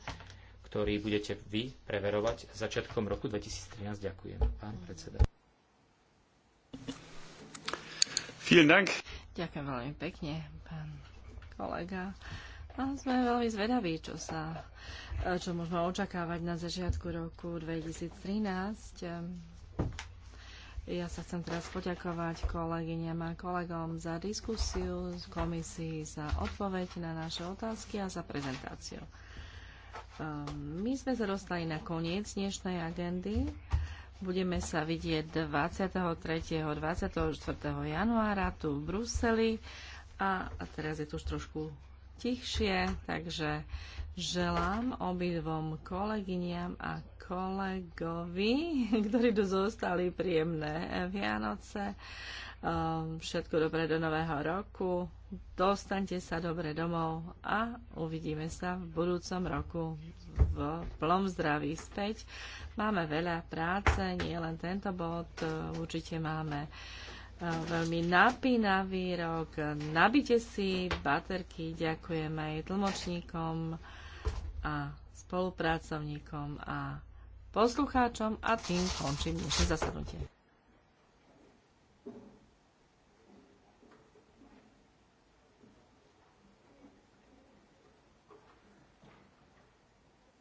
ktorý budete vy preverovať začiatkom roku 2013. Ďakujem, pán predseda. Ďakujem veľmi pekne, pán kolega. A sme veľmi zvedaví, čo sa e, čo možno očakávať na začiatku roku 2013. E, ja sa chcem teraz poďakovať kolegyňam a kolegom za diskusiu, z komisii za odpoveď na naše otázky a za prezentáciu. E, My sme sa dostali na koniec dnešnej agendy. Budeme sa vidieť 23. 24. januára tu v Bruseli. A teraz je tu už trošku tichšie, takže želám obidvom kolegyniam a kolegovi, ktorí tu zostali príjemné Vianoce. Um, všetko dobré do nového roku. Dostaňte sa dobre domov a uvidíme sa v budúcom roku v plom zdraví späť. Máme veľa práce, nie len tento bod, uh, určite máme veľmi napínavý rok. Nabite si baterky, ďakujem aj tlmočníkom a spolupracovníkom a poslucháčom a tým končím dnešné zasadnutie.